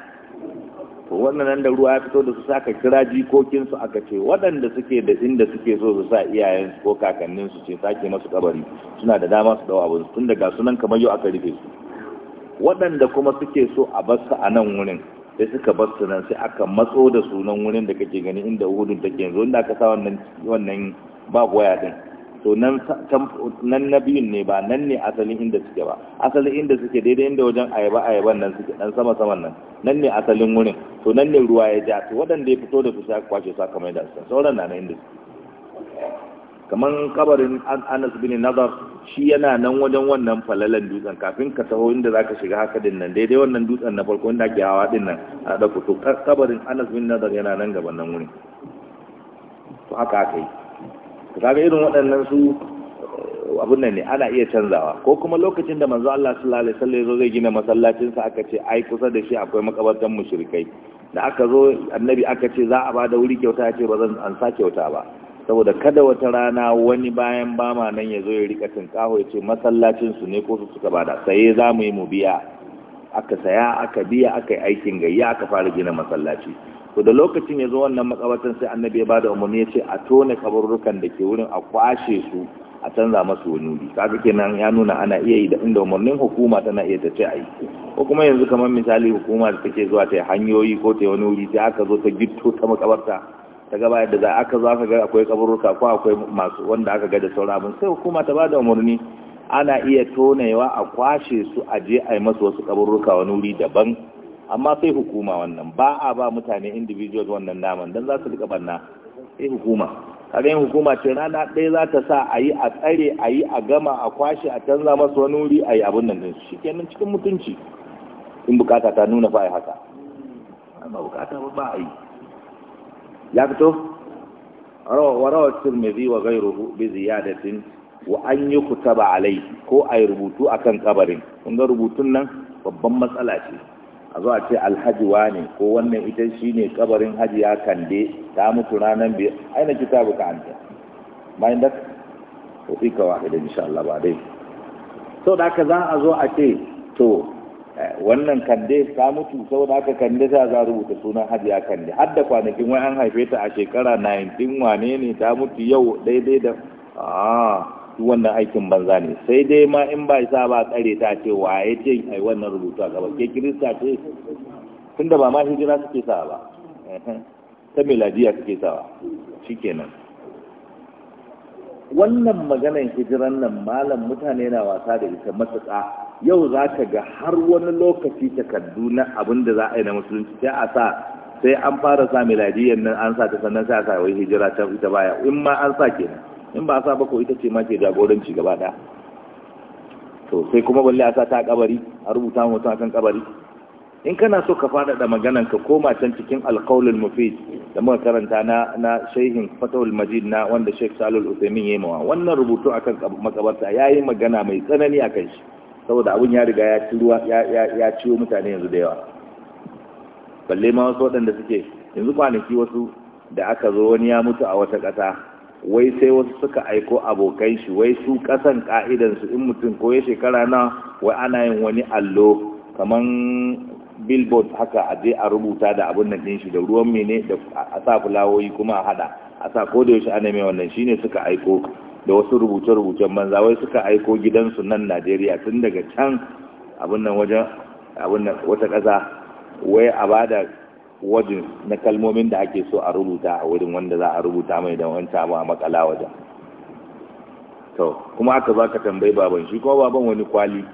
to wannan nan da ruwa ya fito da su saka kira jikokinsu aka ce waɗanda suke da inda suke so su sa iyayensu ko kakanninsu ce sake masu kabari suna da dama su dawa abin tun daga sunan kamar yau aka rufe su waɗanda kuma suke so a basu a nan wurin sai suka basu nan sai aka matso da sunan wurin da kake gani inda hudun take yanzu inda aka sa wannan wannan ba goya din to nan nan nabiyun ne ba nan ne asalin inda suke ba asalin inda suke daidai inda wajen ayaba ayaban nan suke dan sama saman nan nan ne asalin wurin to nan ne ruwa ya ja to waɗanda ya fito da su sai aka kwashe su aka mai da su sauran na nan inda suke kaman kabarin anas bin nazar shi yana nan wajen wannan falalan dutsen kafin ka taho inda za ka shiga haka din nan daidai wannan dutsen na farko inda ake hawa din nan a da kuto kabarin anas bin nazar yana nan gaban nan wuni to haka aka yi ka kaga irin waɗannan su eh, abin nan ne ana iya canzawa ko kuma lokacin da manzo Allah sallallahu alaihi wasallam yazo zai gina masallacin sa aka ce ai kusa da shi akwai makabartan mushrikai da aka zo annabi aka ce za a bada wuri kyauta ya ce ba zan an sa kyauta ba saboda kada wata rana wani bayan bama nan ya zo ya rika tinkaho ya ce masallacinsu ne ko su suka bada saye za mu yi mu biya aka saya aka biya aka yi aikin gayya aka fara gina masallaci to da lokacin ya zo wannan makabartan sai annabi ya bada umarni ya ce a tone kaburrukan da ke wurin a kwashe su a canza masu wani wuri kaga kenan ya nuna ana iya yi da inda umarnin hukuma tana iya ta ce a yi ko kuma yanzu kamar misali hukuma da take zuwa ta hanyoyi ko ta wani wuri sai aka zo ta gitto ta makabarta ta gaba yadda za aka zo aka ga akwai kaburuka ko akwai masu wanda aka ga da sauran abin sai hukuma ta bada umarni ana iya tonewa a kwashe su a je a yi masu wasu kaburuka wani wuri daban amma sai hukuma wannan ba a ba mutane individuals wannan naman dan za su rika banna sai hukuma kaga yin hukuma ce rana ɗaya za ta sa a yi a tsare a yi a gama a kwashe a canza masu wani wuri a yi abin nan din shi kenan cikin mutunci in bukata ta nuna fa haka ba bukata ba ba a yi ya fito wa rawa tirmidhi wa ghayruhu bi ziyadatin wa an alai ko ay rubutu akan kabarin kun ga rubutun nan babban matsala ce a zo a ce alhaji wani ko wannan ita shi ne kabarin haji ya kande ta mutu ranar biyar aina kitabu ka anta bayan da ko fi kawa idan insha Allah ba dai to da haka za a zo a ce to wannan kande ta mutu saboda haka kande ta za rubuta sunan hajiya kande har da kwanakin wai an haife ta a shekara 19 wane ne ta mutu yau daidai da a ah, wannan aikin banza ne sai dai ma in ba isa ba tsare ta ce waye ce ai wannan rubutu a gaba ke kirista ce tunda ba ma hijira suke sa ba ta miladiya suke sawa shikenan wannan maganar hijiran nan malam mutane na wasa da ita matuƙa yau za ka ga har wani lokaci takardu na abin da za a yi na musulunci sai a sa sai an fara sa miladiyyar nan an sa ta sannan sai a sa wai hijira ta ita baya in ma an sa kenan in ba a sa ba ko ita ce ma ke jagoranci gaba ɗaya to sai kuma balle a sa ta kabari a rubuta mutum akan kabari in kana so ka faɗaɗa maganan ka koma can cikin alƙaulul mufid da muka karanta na na shehin fatawul majid na wanda sheikh salul usaimin yayi mawa wannan rubutu akan makabarta yayi magana mai tsanani akan shi saboda abun ya riga ya ci ruwa ya ciwo mutane yanzu da yawa balle ma wasu waɗanda suke yanzu kwanaki wasu da aka zo wani ya mutu a wata ƙasa wai sai wasu suka aiko abokai shi wai su ƙasan ƙa'idansu in mutum ko ya shekara na wai ana yin wani allo kaman billboard haka a je a rubuta da abin nan ɗin shi da ruwan mene da a sa fulawoyi kuma a hada a sa ko da yaushe ana mai wannan shine suka aiko da wasu rubuce-rubucen banza wai suka aiko gidansu nan najeriya tun daga can abin nan wajen abin wata ƙasa wai a ba wajen na kalmomin da ake so a rubuta a wurin wanda za a rubuta mai da wancan abu a makala wajen to kuma aka za ka tambayi baban shi kuma baban wani kwali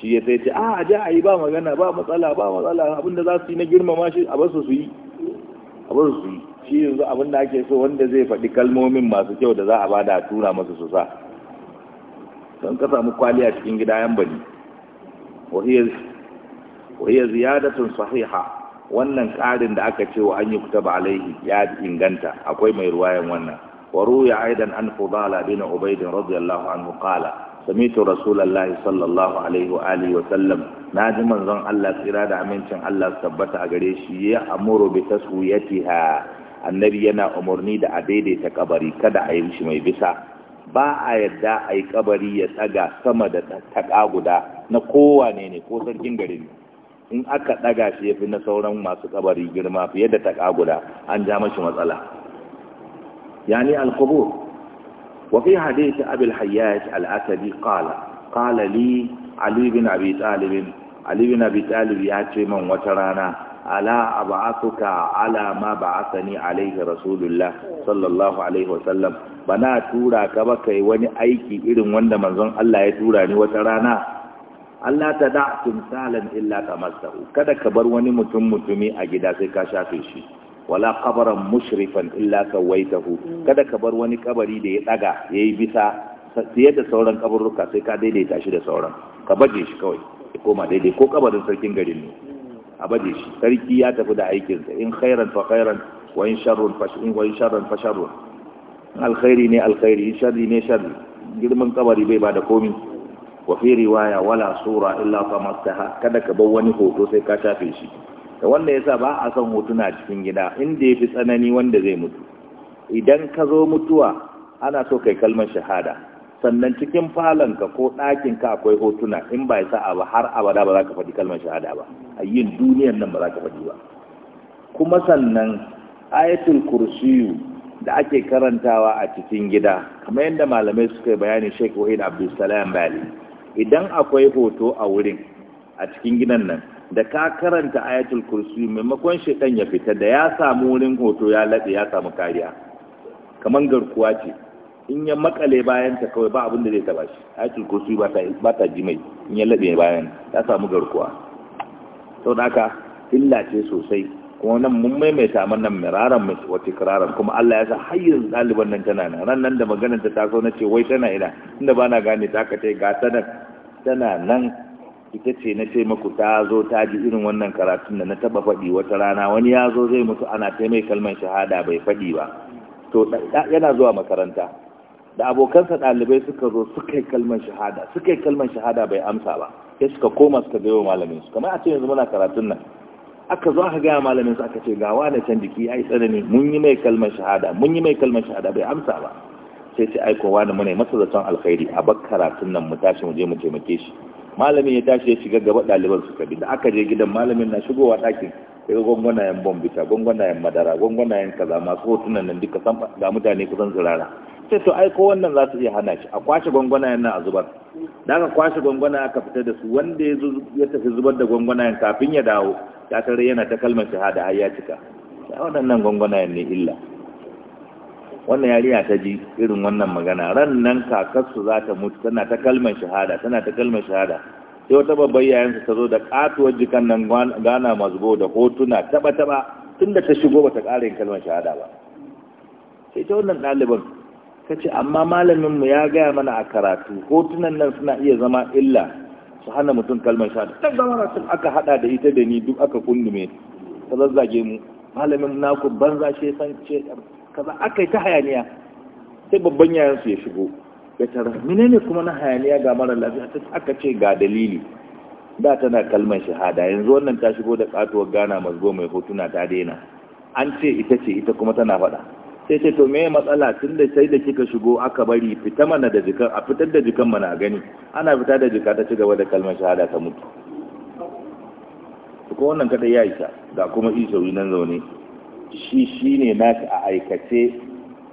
shi ya sai ce ah, a a ja a yi ba magana ba matsala ba matsala abinda za su yi na girmama shi a basu su a basu su yi shi yanzu abin da ake so wanda zai faɗi kalmomin masu kyau da za a bada da tura masu su sa don ka samu kwaliya cikin gida yan bani wahiyar ziyadatun sahiha wannan ƙarin da aka ce wa an yi kuta ba alaihi ya inganta akwai mai ruwayan wannan wa ruya aidan an fudala bin ubaidin radiyallahu anhu sami'tu rasulullahi sallallahu alaihi wa alihi wa sallam naji manzon Allah tsira da amincin Allah tabbata a gare shi ya amuru bi annabi yana umarni da a daidaita kabari kada a yi shi mai bisa ba a yadda a yi kabari ya tsaga sama da taƙa guda na kowane ne ko sarkin garin in aka ɗaga shi ya fi na sauran masu kabari girma fiye da taƙa guda an ja mashi matsala yani alkubur وفي حديث أبي الحياج الأسدي قال قال لي علي بن أبي طالب Abi بن ya ce man wata rana. ala ab'athuka ala ma ba'athani alaihi rasulullah sallallahu alaihi wasallam bana tura ka ba kai wani aiki irin wanda manzon Allah ya tura ni wata rana Allah ta da tumsalan illa tamassahu kada ka bar wani mutum mutumi a gida sai ka shafe shi wala qabran mushrifan illa sawaitahu kada ka bar wani kabari da ya daga yayi bisa sai da sauran kaburruka sai ka daidaita shi da sauran ka baje shi kawai ya koma daidai ko kabarin sarkin garin ne a shi sarki ya tafi da aikinsa in khairan fa khairan wa in sharrun fa in wa in sharrun fa sharrun alkhairi ne alkhairi in sharri ne sharri girman kabari bai bada komi wa fi riwaya wala sura illa tamattaha kada ka bar wani hoto sai ka shafe shi da wanda yasa ba a son hotuna cikin gida inda yafi tsanani wanda zai mutu idan ka zo mutuwa ana so kai kalmar shahada sannan cikin ka ko ɗakinka akwai hotuna in ba sa ba har abada ba za ka faɗi kalmar shahada ba a yin duniyan nan ba za ka faɗi ba kuma sannan ayatul kursiyu da ake karantawa a cikin gida kamar yadda malamai suka yi bayani sheikh wahid abdulsalam bali idan akwai hoto a wurin a cikin gidan nan da ka karanta ayatul kursiyu maimakon shekan ya fita da ya samu wurin hoto ya laɗe ya samu kariya kamar garkuwa ce in ya makale bayan ta kawai ba abin da zai taba shi ayatul kursiyu ba ta ji mai in ya laɗe bayan ya samu garkuwa saboda haka illa ce sosai kuma nan mun maimaita mana miraran wa tikraran kuma Allah ya sa har yanzu ɗaliban nan tana nan ran nan da maganar ta taso na ce wai tana ina inda ba na gane ta ka ce ga ta tana nan ita ce na ce muku ta zo ta ji irin wannan karatun da na taba faɗi wata rana wani ya zo zai mutu ana taimai kalmar shahada bai faɗi ba to yana zuwa makaranta da abokansa ɗalibai suka zo suka yi kalmar shahada suka yi kalmar shahada bai amsa ba sai suka koma suka gaiwa malamin su kamar a ce yanzu muna karatun nan aka zo aka gaya malamin su aka ce ga wani can jiki ya tsanani mun yi mai kalmar shahada mun yi mai kalmar shahada bai amsa ba sai ce aiko wani muna masa zaton alkhairi a bar karatun nan mu tashi mu je mu taimake shi malamin ya tashi ya shiga gaba ɗaliban suka bi da aka je gidan malamin na shigowa ɗakin daga gwangwanayen bombita gwangwanayen madara gwangwanayen kaza masu hotunan nan duka san ga mutane kusan zirara sai to aiko wannan za su iya hana shi a kwashe gwangwana yana a zubar da aka kwashe gwangwana aka fita da su wanda ya tafi zubar da gwangwana kafin ya dawo ya tare yana ta kalmar shahada har ya cika ya waɗannan gwangwana ne illa wannan yari ta ji irin wannan magana ran nan kakarsu za ta mutu tana ta kalmar shahada tana ta kalmar shahada sai wata babbar yayansa ta zo da katuwar jikan nan gana mazgo da hotuna taba taba tunda ta shigo bata ƙara yin kalmar shahada ba sai ta wannan ɗaliban ta ce amma malaminmu ya gaya mana a karatu hotunan nan suna iya zama illa su hana mutum kalmar shahada ta zama sun aka hada da ita da ni duk aka kundume ta zazzage mu malamin naku banza shi san ce kaza aka yi ta hayaniya sai babban yayan su ya shigo ya tara menene kuma na hayaniya ga mara lafiya ta aka ce ga dalili da tana kalmar shahada yanzu wannan ta shigo da katuwar gana mazgo mai hotuna ta daina an ce ita ce ita kuma tana faɗa sai ce to me matsala tun da sai da kika shigo aka bari fita mana da jikan a fitar da jikan mana gani ana fita da jika ta ci da kalmar shahada ta mutu ko wannan kada ya isa ga kuma isawi nan zaune shi shine nashi a aikace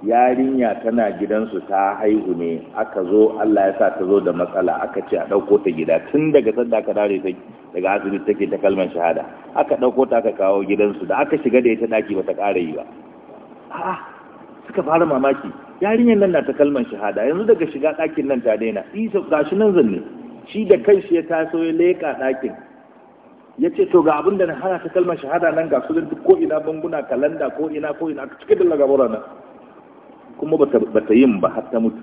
yarinya tana gidansu ta haihu ne aka zo Allah ya sa ta zo da matsala aka ce a ɗauko ta gida tun daga sanda aka dare ta daga asibiti take ta kalmar shahada aka ɗauko ta aka kawo gidansu da aka shiga da ita daki bata ƙara yi ba suka fara mamaki yarinyar nan na ta kalmar shahada yanzu daga shiga ɗakin nan ta daina isa gashi nan zanne shi da kanshi ya taso ya leƙa ɗakin ya ce to ga abin da na hana ta kalmar shahada nan ga su duk ko ina banguna kalanda ko ina ko ina cike da lagabura nan kuma ba ta yin ba har ta mutu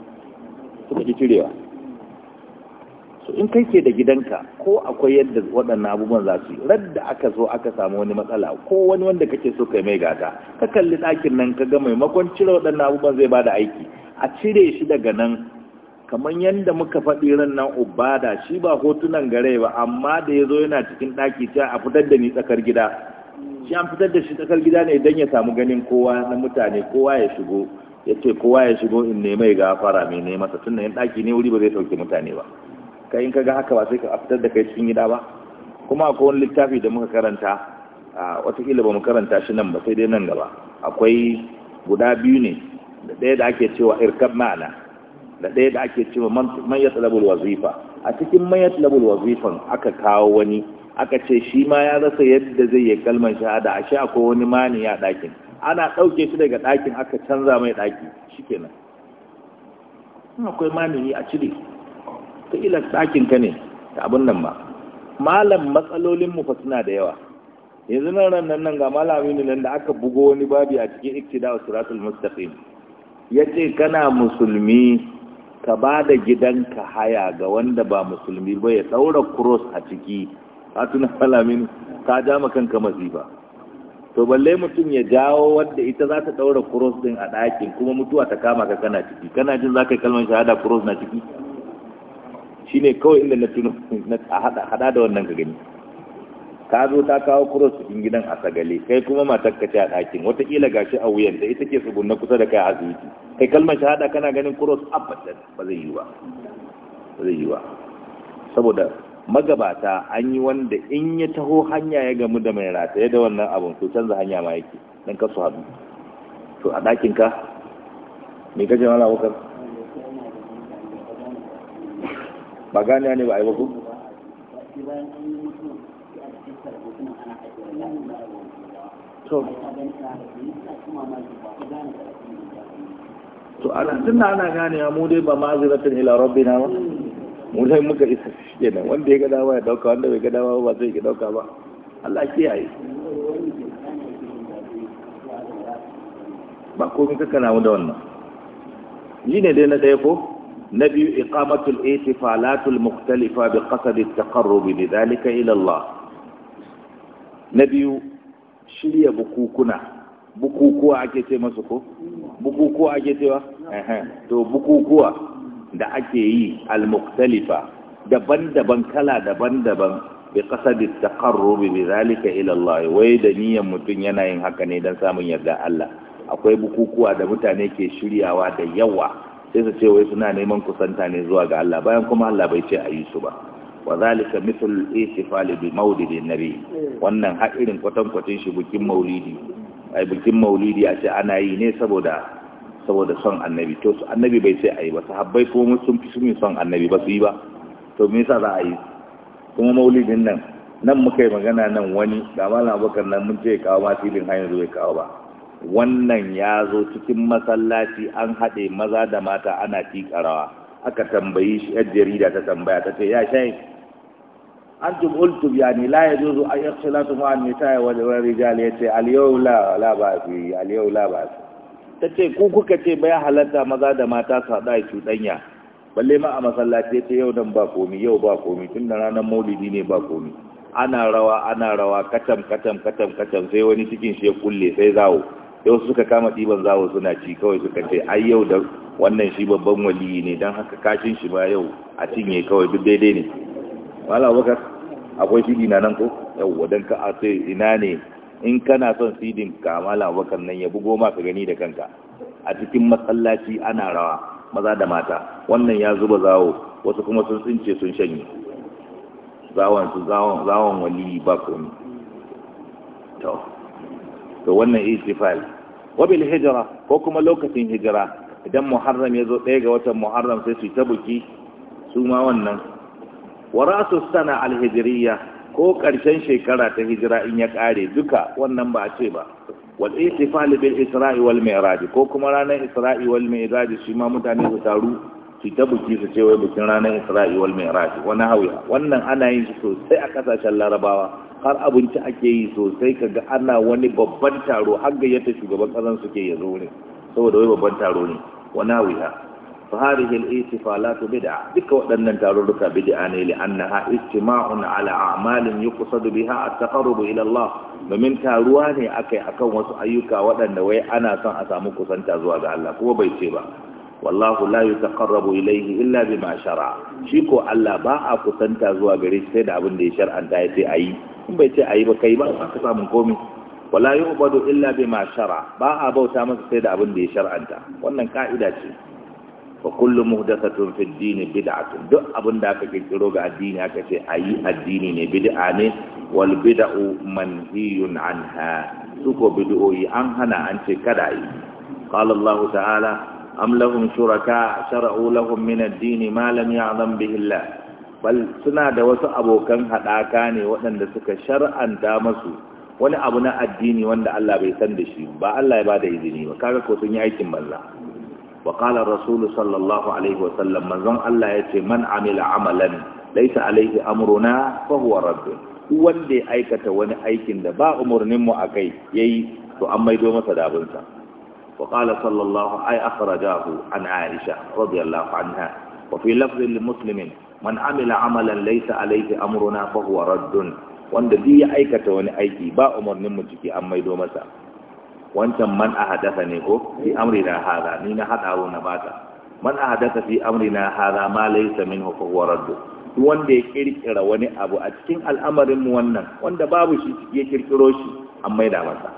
suka ki cirewa so in kai ke da gidanka ko akwai yadda waɗannan abubuwan za su yi radda aka so aka samu wani matsala ko wani wanda kake so kai mai gata ka kalli ɗakin nan ka ga maimakon cire waɗannan abubuwan zai bada aiki a cire shi daga nan kamar yadda muka faɗi ran nan ubada shi ba hotunan gare ba amma da ya zo yana cikin ɗaki ta a fitar da ni tsakar gida shi an fitar da shi tsakar gida ne don ya samu ganin kowa na mutane kowa ya shigo ya kowa ya shigo in ne mai gafara mai ne masa tun ɗaki ne wuri ba zai sauke mutane ba ka in kaga haka ba sai ka fitar da kai cikin gida ba kuma akwai wani littafi da muka karanta watakila ba mu karanta shi nan ba sai dai nan gaba akwai guda biyu ne da ɗaya da ake cewa irkab ma'ana da ɗaya da ake cewa mayat labul wazifa a cikin mayat labul wazifan aka kawo wani aka ce shi ma ya rasa yadda zai yi kalmar shahada ashe akwai wani mani ya ɗakin ana ɗauke shi daga ɗakin aka canza mai ɗaki shikenan akwai mani a cire ta ila ɗakin ka ne ta abin nan ba malam matsalolin mu fa suna da yawa yanzu nan ran nan ga malamin nan da aka bugo wani babi a cikin iktida suratul mustaqim yace kana musulmi ka ba da gidanka haya ga wanda ba musulmi ba ya daura cross a ciki ka tuna malamin ka ja kanka masifa to balle mutum ya jawo wanda ita za ta daura cross din a ɗakin kuma mutuwa ta kama ka kana ciki kana jin za ka kalmar shahada cross na ciki Shi ne kawai inda na tuno a hada da wannan ka gani ka zo ta kawo kuros cikin gidan a sagale kai kuma matar ka ce a ɗakin watakila gashi a wuyan da ita ke na kusa da kai a asibiti kai kalmar shahada kana ganin kuros abadan ba zai yi ba ba zai yi ba saboda magabata an yi wanda in ya taho hanya ya gamu da mai rataye da wannan abun to canza hanya ma yake ka kasu haɗu to a ɗakinka me kaje mala wakar ba gane ne ba a yi ba ku to ana tunna ana gane ya mu dai ba ma'aziratin ila rabbina ba mu dai muka isa kenan wanda ya ga dawa ya dauka wanda bai ga dawa ba zai ga dauka ba Allah kiyaye ba komai kakana da wannan yi ne dai na dai ko na biyu iqamatul ihtifalatul mukhtalifa bi qasd at-taqarrub bi dhalika ila Allah na biyu shirya bukukuna bukukuwa ake ce masu ko bukukuwa ake cewa eh to bukukuwa da ake yi al-mukhtalifa daban-daban kala daban-daban bi qasd at-taqarrub bi dhalika ila Allah wai da niyan mutun yana yin haka ne dan samun yarda Allah akwai bukukuwa da mutane ke shiryawa da yawa sai su ce wai suna neman kusanta ne zuwa ga Allah bayan kuma Allah bai ce a yi su ba wa zalika mithl ihtifal bi maulidin nabi wannan har irin kwatin shi bikin maulidi ai bikin maulidi a ce ana yi ne saboda saboda son annabi to annabi bai ce a yi ba sahabbai kuma sun fi sun son annabi ba su yi ba to me yasa za a yi kuma maulidin nan nan muka yi magana nan wani da malam bakar nan mun ce kawo ma filin har yanzu bai kawo ba wannan ya zo cikin masallaci an haɗe maza da mata ana tikarawa aka tambayi shi yar jarida ta tambaya ta ce ya shai an tum ultub ya ne laye ya zo zo an yakshi ma ne ta yi da wani rijal ya ce aliyau la la ba fi aliyau la ba ta ce ku kuka ce bai halatta maza da mata su haɗa cuɗanya balle ma a masallaci ya ce yau nan ba komi yau ba komi tun da ranar maulidi ne ba komi ana rawa ana rawa katam katam katam katam sai wani cikin shi ya kulle sai zawo yau suka kama ɗiban zawo suna ci kawai suka ce ai yau da wannan shi babban waliyi ne don haka kashin shi ba yau a cinye kawai duk daidai ne wala wakar akwai shi na nan ko yau wadan ka a sai ina ne in kana son sidin ka mala wakar nan ya bugo ma ka gani da kanka a cikin masallaci ana rawa maza da mata wannan ya zuba zawo wasu kuma sun tsince sun shanye zawon su zawon waliyi ba komi to to wannan istifal wabil hijira ko kuma lokacin hijira idan muharram ya zo ɗaya ga watan muharram sai su ta buki su ma wannan wa rasu sana alhijiriya ko ƙarshen shekara ta hijira in ya ƙare duka wannan ba a ce ba wal istifal bil isra'i wal mi'raj ko kuma ranar isra'i wal mi'raj shi ma mutane su taru su ta buki su ce wai bukin ranar isra'i wal mi'raj wani hauya wannan ana yin shi sosai a ƙasashen larabawa har abinci ake yi sosai kaga ana wani babban taro har gayyata shugaban kasan suke ya zo ne saboda wai babban taro ne wa nawiha fa hadhihi al-istifalatu bid'a duka waɗannan tarurruka bid'a ne li annaha istima'un ala a'malin yuqsadu biha at-taqarrub ila Allah domin taruwa ne akai akan wasu ayyuka waɗanda wai ana son a samu kusanta zuwa ga Allah kuma bai ce ba wallahu la yataqarrabu ilayhi illa bima shar'a shi ko Allah ba a kusanta zuwa gare shi sai da abin da ya shar'anta ya ce ayi in bai ce yi ba kai ba ka samu komi? wala yu'badu illa ma shara ba a bauta masa sai da abin da ya shar'anta wannan ka'ida ce fa kullu muhdathatun fi ad-din duk abin da aka kirkiro ga addini aka ce ayi addini ne bid'a ne wal bid'u manhiyun anha su ko bid'o'i an hana an ce kada yi qala Allah ta'ala am lahum shuraka shara'u lahum min ad-din ma lam ya'lam bihi Allah bal suna da wasu abokan haɗaka ne waɗanda suka shar'anta masu wani abu na addini wanda Allah bai san da shi ba Allah ya bada izini ba kaga ko sun yi aikin banza wa qala rasulu sallallahu alaihi wa sallam manzon Allah yace man amila amalan laysa alaihi amruna fa huwa rabb wanda ya aikata wani aikin da ba umurnin mu akai yayi to an maido masa dabinsa wa qala sallallahu ay akhrajahu an aisha radiyallahu anha wa fi lafzin muslimin man amila amalan laysa alayhi amruna fa huwa raddun wanda duk ya aikata wani aiki ba umarnin mu ciki an maido masa wancan man ahadatha ne ko fi amrina hadha ni na hadawo na bata man ahadatha fi amrina hadha ma laysa minhu fa huwa raddun wanda ya kirkira wani abu a cikin al'amarin mu wannan wanda babu shi ya kirkiro shi an maida masa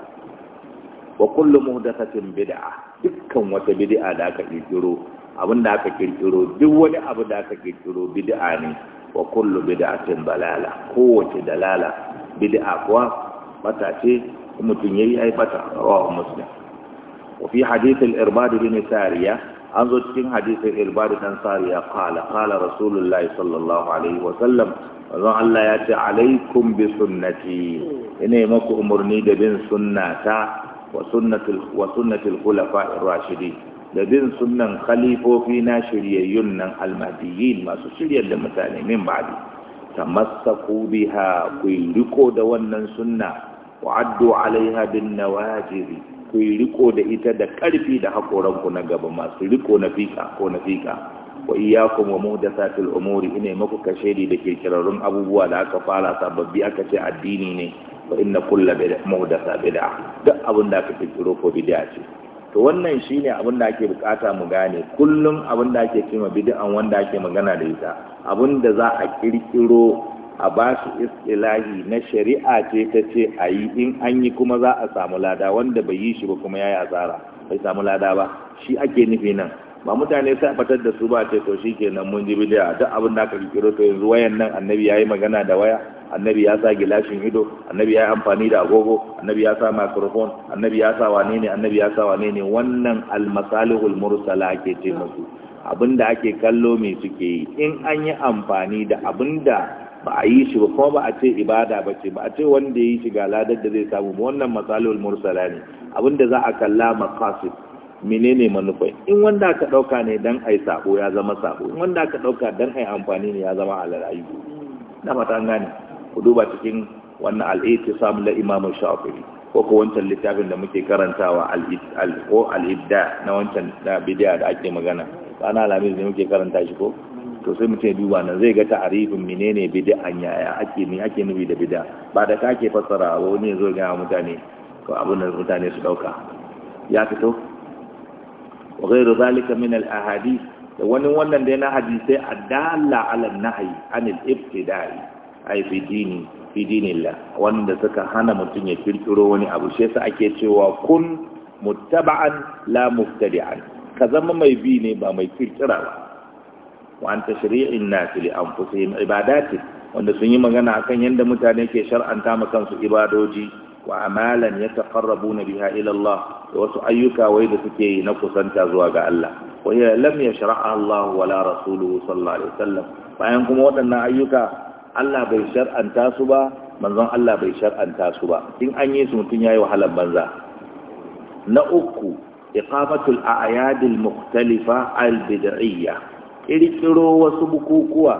wa kullu muhdathatin bid'ah dukkan wata bid'a da aka kirkiro abin da aka kirkiro duk wani abu da aka kirkiro bid'a ne wa kullu bid'atin dalala kowace dalala bid'a kuwa bata ce mutum yayi ai bata rawahu muslim wa fi hadith al-irbad bin sariya an zo cikin hadisin irbad dan sariya qala qala rasulullahi sallallahu alaihi wa sallam azan Allah ya ce alaikum bi sunnati ina maku umarni da bin sunnata wa sunnatul wa sunnatul khulafa'ir rashidin da bin sunnan khalifofi na shiryayyun nan almahdiyin masu shiryar da mutane min ba'di tamassaku biha ku riko da wannan sunna wa addu alaiha bin nawajib ku riko da ita da karfi da hakoranku na gaba masu riko na fika ko na fika wa iyyakum wa muhdathatil umuri ina maku kashedi da kirkirarrun abubuwa da aka fara sababbi aka ce addini ne wa inna kullu bid'a muhdatha bid'a duk abin da aka kirkiro ko bid'a ce to wannan shine abin da ake bukata mu gane kullum abin da ake cewa bid'an wanda ake magana da ita abin da za a kirkiro a ba su istilahi na shari'a ce ta ce a yi in an yi kuma za a samu lada wanda bai yi shi ba kuma ya yi asara bai samu lada ba shi ake nufi nan ba mutane sai fatar da su ba ce to ke mun ji bidiya duk abin da aka kirkiro ta yanzu wayan nan annabi yi magana da waya annabi ya sa gilashin ido annabi ya yi amfani da agogo annabi ya sa microphone annabi ya sa wane ne annabi ya sa wane ne wannan almasalihul mursala ke ce musu abin da ake kallo me suke yi in an yi amfani da abin da ba a yi shi ba kuma ba a ce ibada ba ce ba a ce wanda ya yi shi ga ladar da zai samu wannan masalihul mursala ne abin da za a kalla maqasid menene manufai in wanda aka dauka ne dan ai sabo ya zama sabo in wanda aka dauka dan ai amfani ne ya zama alalayu na mata an gane ku duba cikin wannan al-ittisam la imamu shafi'i ko ko wancan littafin da muke karantawa al-ibda na wancan da bidiya da ake magana kana alamin ne muke karanta shi ko to sai mutum ya duba nan zai ga ta'arifin menene bid'an yaya ake ni ake nubi da bid'a ba da ka fassara ba wani ya zo ga mutane ko abun da mutane su dauka ya fito wa ghairu zalika min al ahadith da wani wannan da na hadisai adalla ala nahyi anil ibtida'i ay fi dini fi dinillah wanda suka hana mutum ya kirkiro wani abu shi yasa ake cewa kun muttaba'an la mubtadi'an ka zama mai bi ne ba mai kirkira ba wa an tashri'in nasi li anfusihim ibadatin wanda sun yi magana akan yadda mutane ke shar'anta ma kansu ibadoji wa amalan na biha ila da wasu ayyuka wai da suke yi na kusanta zuwa ga Allah wa hiya lam yashra'a Allah wala rasuluhu sallallahu alaihi wasallam bayan kuma waɗannan ayyuka Allah bai shar'anta su ba manzon Allah bai shar'anta su ba in an yi su ya yayi wahalan banza na uku iqamatul a'yadil mukhtalifa al bid'iyya kirkiro wasu bukukuwa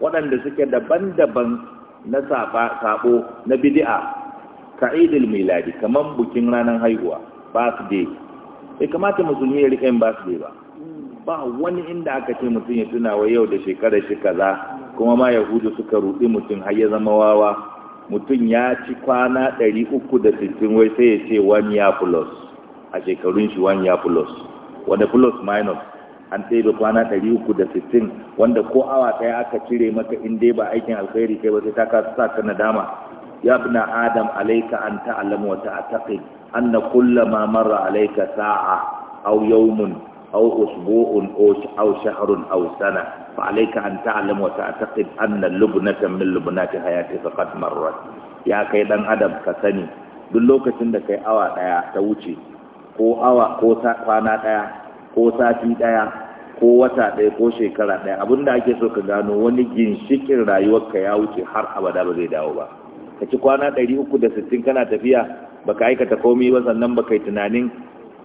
waɗanda suke daban-daban na sabo na bid'a ka'idul miladi kaman bukin ranar haihuwa birthday bai kamata musulmi ya rika yin birthday ba ba wani inda aka ce mutum ya tuna wa yau da shekarar shi kaza kuma ma yahudu suka rudi mutum har ya zama wawa mutum ya ci kwana 360 wai sai ya ce one year plus a shekarun shi one year plus wanda plus minus an sai da kwana 360 wanda ko awa ɗaya aka cire maka inda ba aikin alkhairi kai ba sai ta kasu sa ka nadama ya ibn adam alayka an ta'lam wa ta'taqi anna kullama marra alayka sa'a aw yawmun aw usbu'un aw shahrun aw sana fa alayka an ta'lam wa ta'taqi anna lubnatan min lubnati hayatika qad marrat ya kai dan adam ka sani duk lokacin da kai awa daya ta wuce ko awa ko kwana daya ko sati daya ko wata ɗaya ko shekara ɗaya abinda ake so ka gano wani ginshikin rayuwarka ya wuce har abada ba zai dawo ba ka ci kwana sittin kana tafiya baka aikata komi ba sannan baka yi tunanin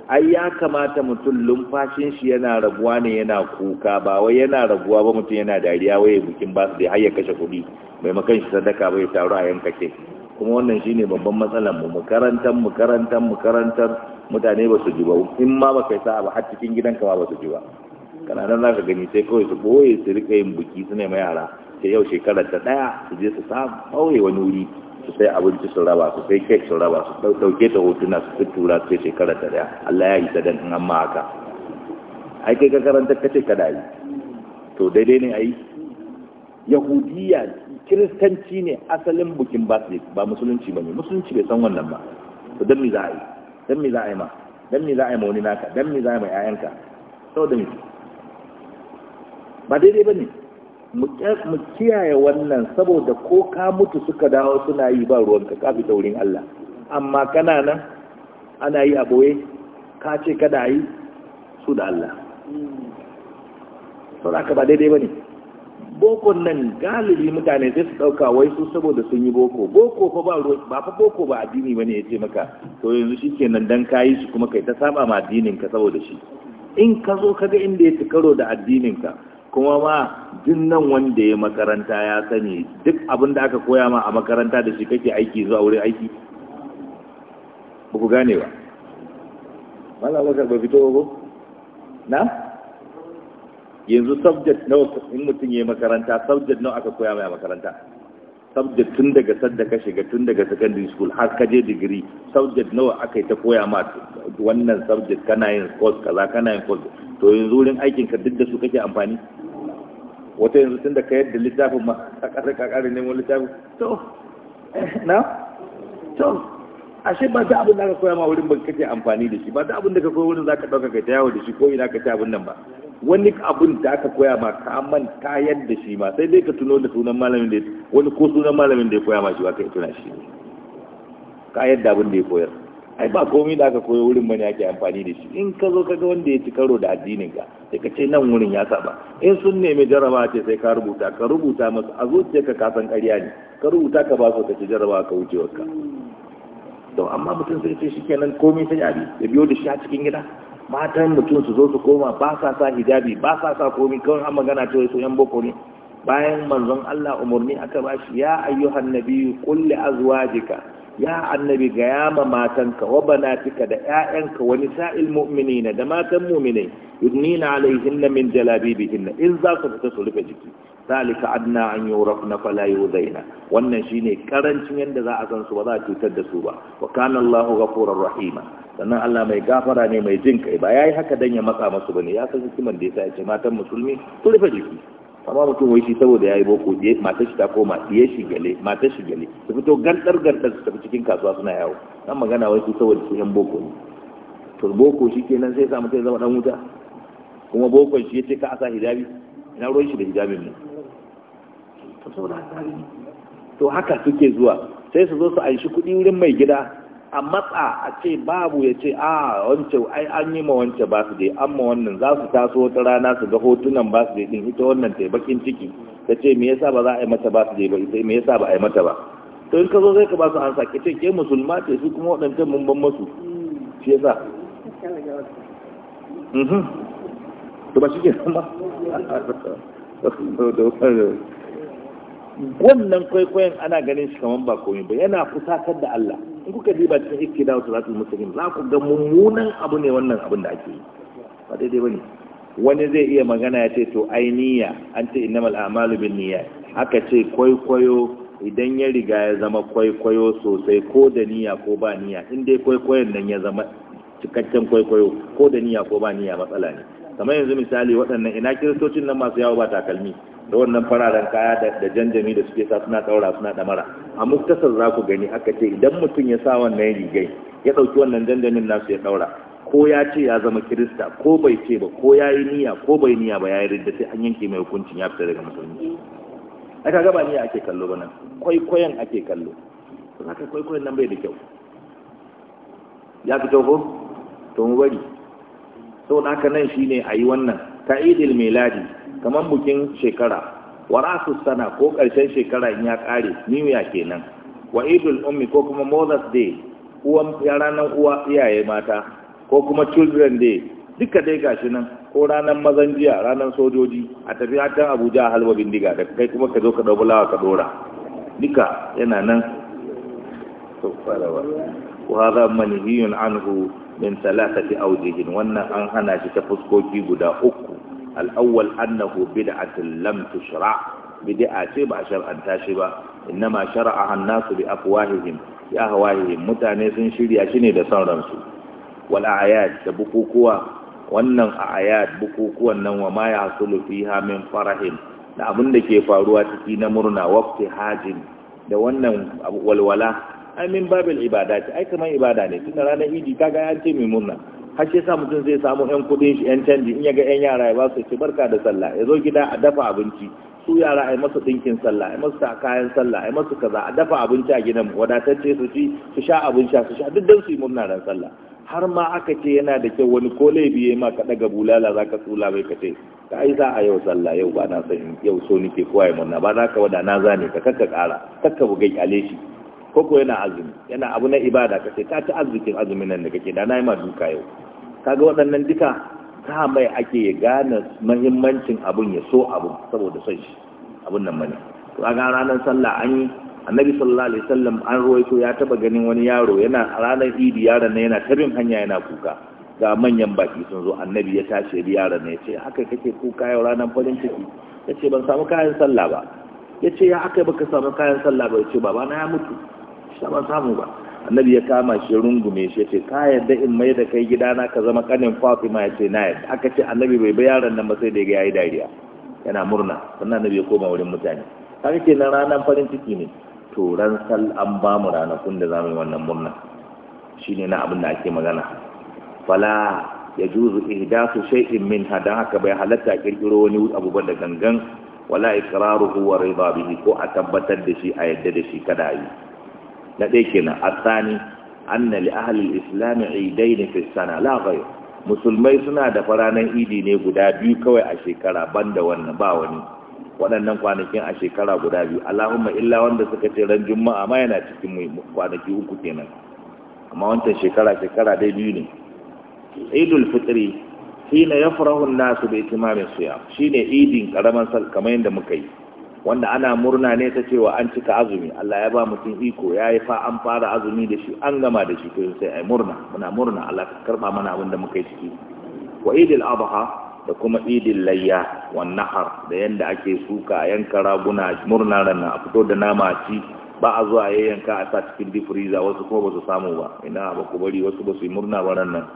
ai ya kamata mutum lumfashin shi yana rabuwa ne yana kuka ba wai yana rabuwa ba mutum yana dariya wai ya bukin ba su dai har ya kashe kuɗi maimakon shi sadaka bai taru a yanka ce kuma wannan shine babban matsalar mu mu karantar mu karantar mu karantar mutane ba su ji ba in ma ba kai sa'a ba har cikin gidanka ba ba su ji ba kana nan ka gani sai kawai su boye su rika yin buki su ne ma yara ke yau shekarar ta daya su je su samu kauye wani wuri su sai abinci su raba su sai kek su raba su dauke ta hotuna su tura su shekarar ta daya Allah ya yi ta dan in amma haka ai kai ka karanta kace kada yi to daidai ne ai yahudiya kiristanci ne asalin bukin birthday ba musulunci bane musulunci bai san wannan ba to dan me za a yi dan me za a yi ma dan me za a yi ma wani naka dan me za a yi ma yayanka saboda me ba daidai bane mu kiyaye wannan saboda ko ka mutu suka dawo suna yi ba ruwan ka kafi taurin Allah amma kana nan ana yi aboye ka ce kada yi su da Allah sau da aka ba daidai ba ne bokon nan galibi mutane sai su ɗauka wai su saboda sun yi boko boko fa ba ruwa ba fa boko ba addini ba ne ya ce maka to yanzu shi ke nan ka yi su kuma kai ta saba ma addinin ka saboda shi in ka zo ka ga inda ya ci karo da addinin ka kuma ma duk nan wanda ya makaranta ya sani duk abin da aka koya ma a makaranta da shi kake aiki zuwa wurin aiki ba ku gane ba mana bakar ba fito ko na yanzu subject nawa in mutum ya makaranta subject nawa aka koya mai a makaranta subject tun daga sadda ka shiga tun daga secondary school har ka je degree subject nawa aka yi ta koya ma wannan subject kana yin course kaza kana yin course to yanzu wurin aikin ka duk da su kake amfani wata yanzu tun da ka yadda littafin ma a ƙasar ƙaƙarin neman littafin to na to ashe ba ta abin da aka koya ma wurin ba kake amfani da shi ba ta abin da ka koya wurin za ka ɗauka kai ta yawo da shi ko ina ka ci abin nan ba wani abin da aka koya ma ka manta yadda shi ma sai dai ka tuno da sunan malamin da wani ko sunan malamin da ya koya ma shi ba ka tuna shi ka yadda abin da ya koyar ai ba komai da aka koyo wurin bane ake amfani da shi in ka zo kaga wanda ya ci karo da addinin ka sai ka ce nan wurin ya saba in sun nemi jaraba ce sai ka rubuta ka rubuta masu a zuciya ka kasan ƙarya ne ka rubuta ka ba su ka ci jaraba ka wuce ka to amma mutum sai ce kenan komai sai abi ya biyo da shi a cikin gida matan mutum su zo su koma ba sa sa hijabi ba sa sa komai kawai an magana cewa su yan boko ne bayan manzon Allah umarni aka bashi ya ayyuhan nabiyyu qul li azwajika ya annabi ga yama matanka wa banatika da ƴaƴanka Wani nisa'il mu'minina da matan mu'minai yudnina alaihinna min jalabibihinna in za su fita su rufe jiki zalika adna an yurafna fala yuzaina wannan shine karancin yanda za a san su ba za a cutar da su ba wa kana Allahu ghafurur rahima sannan Allah mai gafara ne mai jin kai ba yayi haka dan ya matsa masu bane ya san hikimar da yasa ya ce matan musulmi su rufe jiki amma mutum wai shi saboda ya yi boko mata shi ta koma diye shi gale mata shi gale su fito gantar gantar su tafi cikin kasuwa suna yawo nan magana wai su saboda su yan boko ne to boko shi kenan sai sa ta ya zama dan wuta kuma boko shi ya ce ka asa hijabi ina ruwan shi da hijabin ne to saboda to haka suke zuwa sai su zo su anshi kuɗi wurin mai gida a matsa a ce babu ya ce a wance ai an yi ma wance ba su dai an ma wannan za su taso wata rana su ga hotunan ba su dai din ita wannan ta bakin ciki ta ce me yasa ba za a yi mata ba su dai ba ita me yasa ba a yi mata ba to in ka zo zai ka ba su an sake ce ke musulma ce su kuma waɗancan mun ban masu hmm. shi yasa mhm. to ba shi ke ba wannan kwaikwayon ana ganin shi kamar ba komai ba yana kusa da Allah in kuka diba cikin iske da wasu zasu musulmi za ku ga mummunan abu ne wannan abin da ake yi ba daidai ne wani zai iya magana ya ce to ai niyya an ce mal a'malu bin niyya aka ce kwaikwayo idan ya riga ya zama kwaikwayo sosai ko da niyya ko ba niyya in dai kwaikwayon nan ya zama cikakken kwaikwayo ko da niyya ko ba niyya matsala ne kamar yanzu misali waɗannan ina kiristocin nan masu yawo ba takalmi da wannan fararen kaya da janjami da suke sa suna ɗaura suna ɗamara a muktasar za ku gani aka ce idan mutum ya sa wannan rigai ya ɗauki wannan janjamin nasu ya ɗaura ko ya ce ya zama kirista ko bai ce ba ko ya yi niyya ko bai niyya ba ya yi ridda sai an yanke mai hukuncin ya fita daga musulunci a kaga ba niyya ake kallo ba nan kwaikwayon ake kallo za ka kwaikwayon nan bai da kyau ya fito ko to mu bari saboda haka nan shine a yi wannan ka idil miladi kamar bukin shekara wa rasu sana ko karshen shekara in ya kare new year kenan wa idul ummi ko kuma mother's day uwan ranar uwa iyaye mata ko kuma children day duka dai gashi nan ko ranar mazan jiya ranar sojoji a tafi hatan abuja halwa bindiga da kai kuma ka zo ka lawa ka dora duka yana nan to farawa wa hadha manhiyun anhu min salasati awjihin wannan an hana shi ta fuskoki guda uku al-awwal annahu bid'atun lam tushra' bid'a ce ba a shar'anta shi ba innama shar'aha an-nasu bi afwahihim ya hawahihim mutane sun shirya shi ne da sauransu. ransu wal a'yad da bukukuwa wannan ayat bukukuwan nan wa ma yahsulu fiha min farahin da abin da ke faruwa ciki na murna waqti hajin da wannan walwala amin babil ibada ce ai kamar ibada ne tun ranar idi kaga an ce mai murna har shi sa mutum zai samu yan kudin shi yan canji in yaga ga yan yara ya ba su ce barka da sallah ya zo gida a dafa abinci su yara a yi masu ɗinkin sallah a yi masu kayan sallah a yi masu kaza a dafa abinci a gidan wadatacce su ci su sha abinci a su sha duk don su yi murna ran sallah har ma aka ce yana da kyau wani ko laifi ya ma ka daga bulala za ka tsula bai ka ce ka yi za a yau sallah yau ba na san yau so nike kowa ya murna ba za ka wada na zane ka kakka kara kakka bugai kyale shi koko yana azumi yana abu na ibada ka ce ka ci arzikin azumin nan da kake da na yi ma duka yau kaga waɗannan duka ta mai ake gane mahimmancin abun ya so abun saboda son shi abun nan mani to a ranar sallah an yi annabi sallallahu alaihi wasallam an ruwaito ya taba ganin wani yaro yana ranar idi yaron nan yana tabin hanya yana kuka ga manyan baki sun zo annabi ya tashi da yaron nan ya ce haka kake kuka yau ranar farin ciki ya ban samu kayan sallah ba ya ce ya aka baka samu kayan sallah ba ya ce baba ya mutu sha ba samu ba annabi ya kama shi rungume shi ce ka yadda in mai da kai gidana ka zama kanin fatima ya ce na yadda aka ce annabi bai bai yaron nan ba sai da ya yi dariya yana murna sannan annabi ya koma wurin mutane haka ke na ranar farin ciki ne to ran sal an ba mu ranakun da zamu yi wannan murna shine na abin da ake magana fala ya juzu ihdasu shay'in min hada haka bai halatta kirkiro wani abu ba da gangan wala ikraruhu wa ridabihi ko a tabbatar da shi a yadda da shi kada yi na ɗaya kenan asani anna li ahli al idai ne fi sana la musulmai suna da faranan idi ne guda biyu kawai a shekara banda wannan ba wani waɗannan kwanakin a shekara guda biyu allahumma illa wanda suka ce ran juma'a ma yana cikin kwanaki uku kenan amma wancan shekara shekara dai biyu ne idul fitri shi hina ya farahun nasu itimamin suya Shi ne idin karamar sal kamar yadda muka yi wanda ana murna ne ta cewa an cika azumi Allah ya ba mutum iko ya yi fa an fara azumi da shi an gama da shi to sai ai murna muna murna Allah ka karba mana abin da muka yi ciki wa idil adha da kuma idil layya wan nahar da yanda ake suka yanka raguna murna ran a fito da nama ci ba a zuwa yayyanka a sa cikin deep freezer wasu kuma ba su samu ba ina ba ku bari wasu ba su murna ba ran nan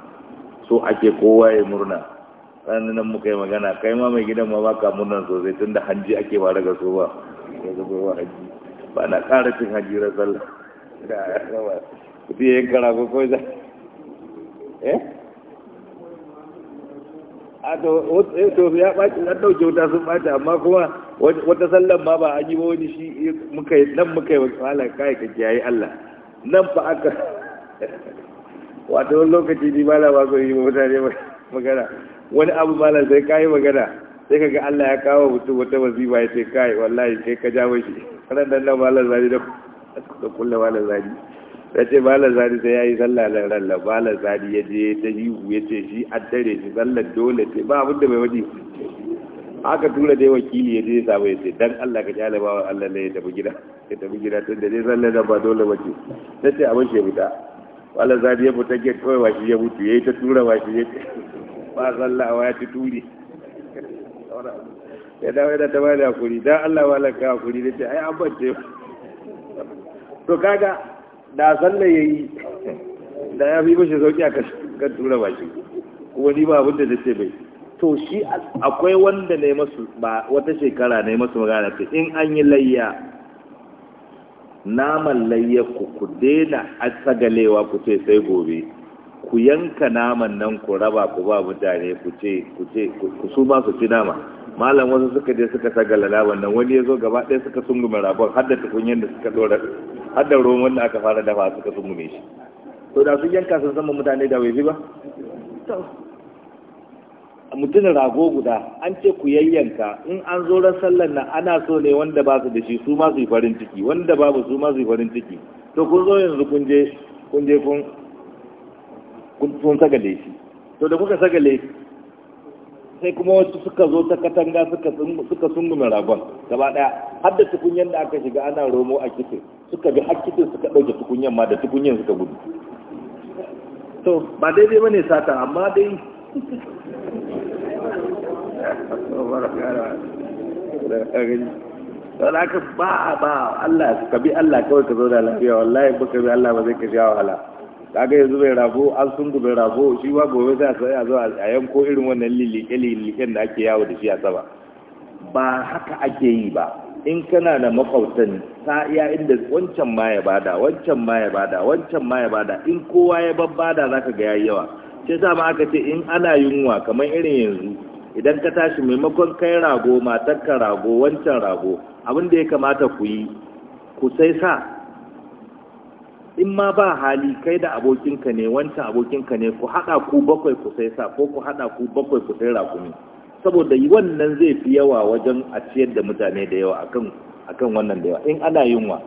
so ake kowa ya murna ranar nan muka yi magana kai ma mai gidan ma ba ka murnan sosai tun da hanji ake ba daga so ba ya zuba wa hanji ba na ƙara cin hanji na tsalla da ya zama ku fiye yin kara ko kawai za eh a eh, to ya ɓaci an ɗauke wuta sun ɓaci amma kuma wata sallan ma ba an yi ba wani shi muka yi nan muka yi wa tsalar kayan ka kiyaye Allah nan fa aka wata wani lokaci ni ba na ba so yi mutane ba magana wani abu malam sai kayi magana sai kaga Allah ya kawo mutum wata waziba ya ce kai wallahi kai ka jawo shi ran dan nan malam zani da da kullu malam zani sai ce malam zani sai yayi sallah nan ran la malam zani ya je ta hihu ya ce shi addare shi sallar dole ce ba abin da bai wadi aka tura dai wakili ya je samu ya ce dan Allah ka kyale ba Allah ne ya tafi gida ya tafi gida tun da dai sallar da ba dole ba ce sai ce abin shi ya fita wala zabi ya fita ke kawai washi ya mutu ya yi ta tura washi ya ba wa ya ci turi ya dawo yana ta bada hakuri dan Allah b'a ka hakuri da ce ai an bace to kaga da ya yi da ya fi mashi sauki a kan tura washi kuma ni ba abin da ce bai to shi akwai wanda ne masu ba wata shekara ne masu magana ce in an yi layya naman layyarku ku daina asagalewa ku ce sai gobe ku yanka naman nan ku raba ku ba mutane ku ce ku ce ku su ma su ci nama malam wasu suka je suka sagala naman nan wani ya zo gaba ɗaya suka sungume rabon har da tukunyen da suka dora har da roman da aka fara dafa suka sungume shi to da sun yanka sun zama mutane da bai ba mutum rago guda an ce ku yayyanka in an zo ran sallar nan ana so ne wanda ba su da shi su ma su yi farin ciki wanda babu su ma su yi farin ciki to kun zo yanzu kun je kun je kun kun sagale shi to da kuka sagale sai kuma wasu suka zo ta katanga suka suka sungume ragon gaba daya har da tukunyan da aka shiga ana romo a kitin suka bi har kitin suka dauke tukunyan ma da tukunyan suka gudu to ba daidai bane sata amma dai don haka ba a ba Allah ka bi Allah kawai ka zauna lafiya wallahi ba ka bi Allah ba zai ka sha wahala kaga yanzu bai rago an sun bai rago shi ba gobe za a zo a yanko irin wannan lilike liliken da ake yawo da shi a sama ba haka ake yi ba in kana da makwautan ta iya inda wancan ma ya bada wancan ma ya bada wancan ma ya bada in kowa ya babbada zaka ga yayi yawa sai sa ma aka ce in ana yunwa kamar irin yanzu idan ka tashi maimakon kai rago matarka rago wancan rago abin da ya kamata ku yi ku sai sa in ma ba hali kai da abokinka ne wancan abokinka ne ku haɗa ku bakwai ku sai sa ko ku haɗa ku bakwai ku sai ne saboda wannan zai fi yawa wajen a ciyar da mutane da yawa akan akan wannan da yawa in ana yunwa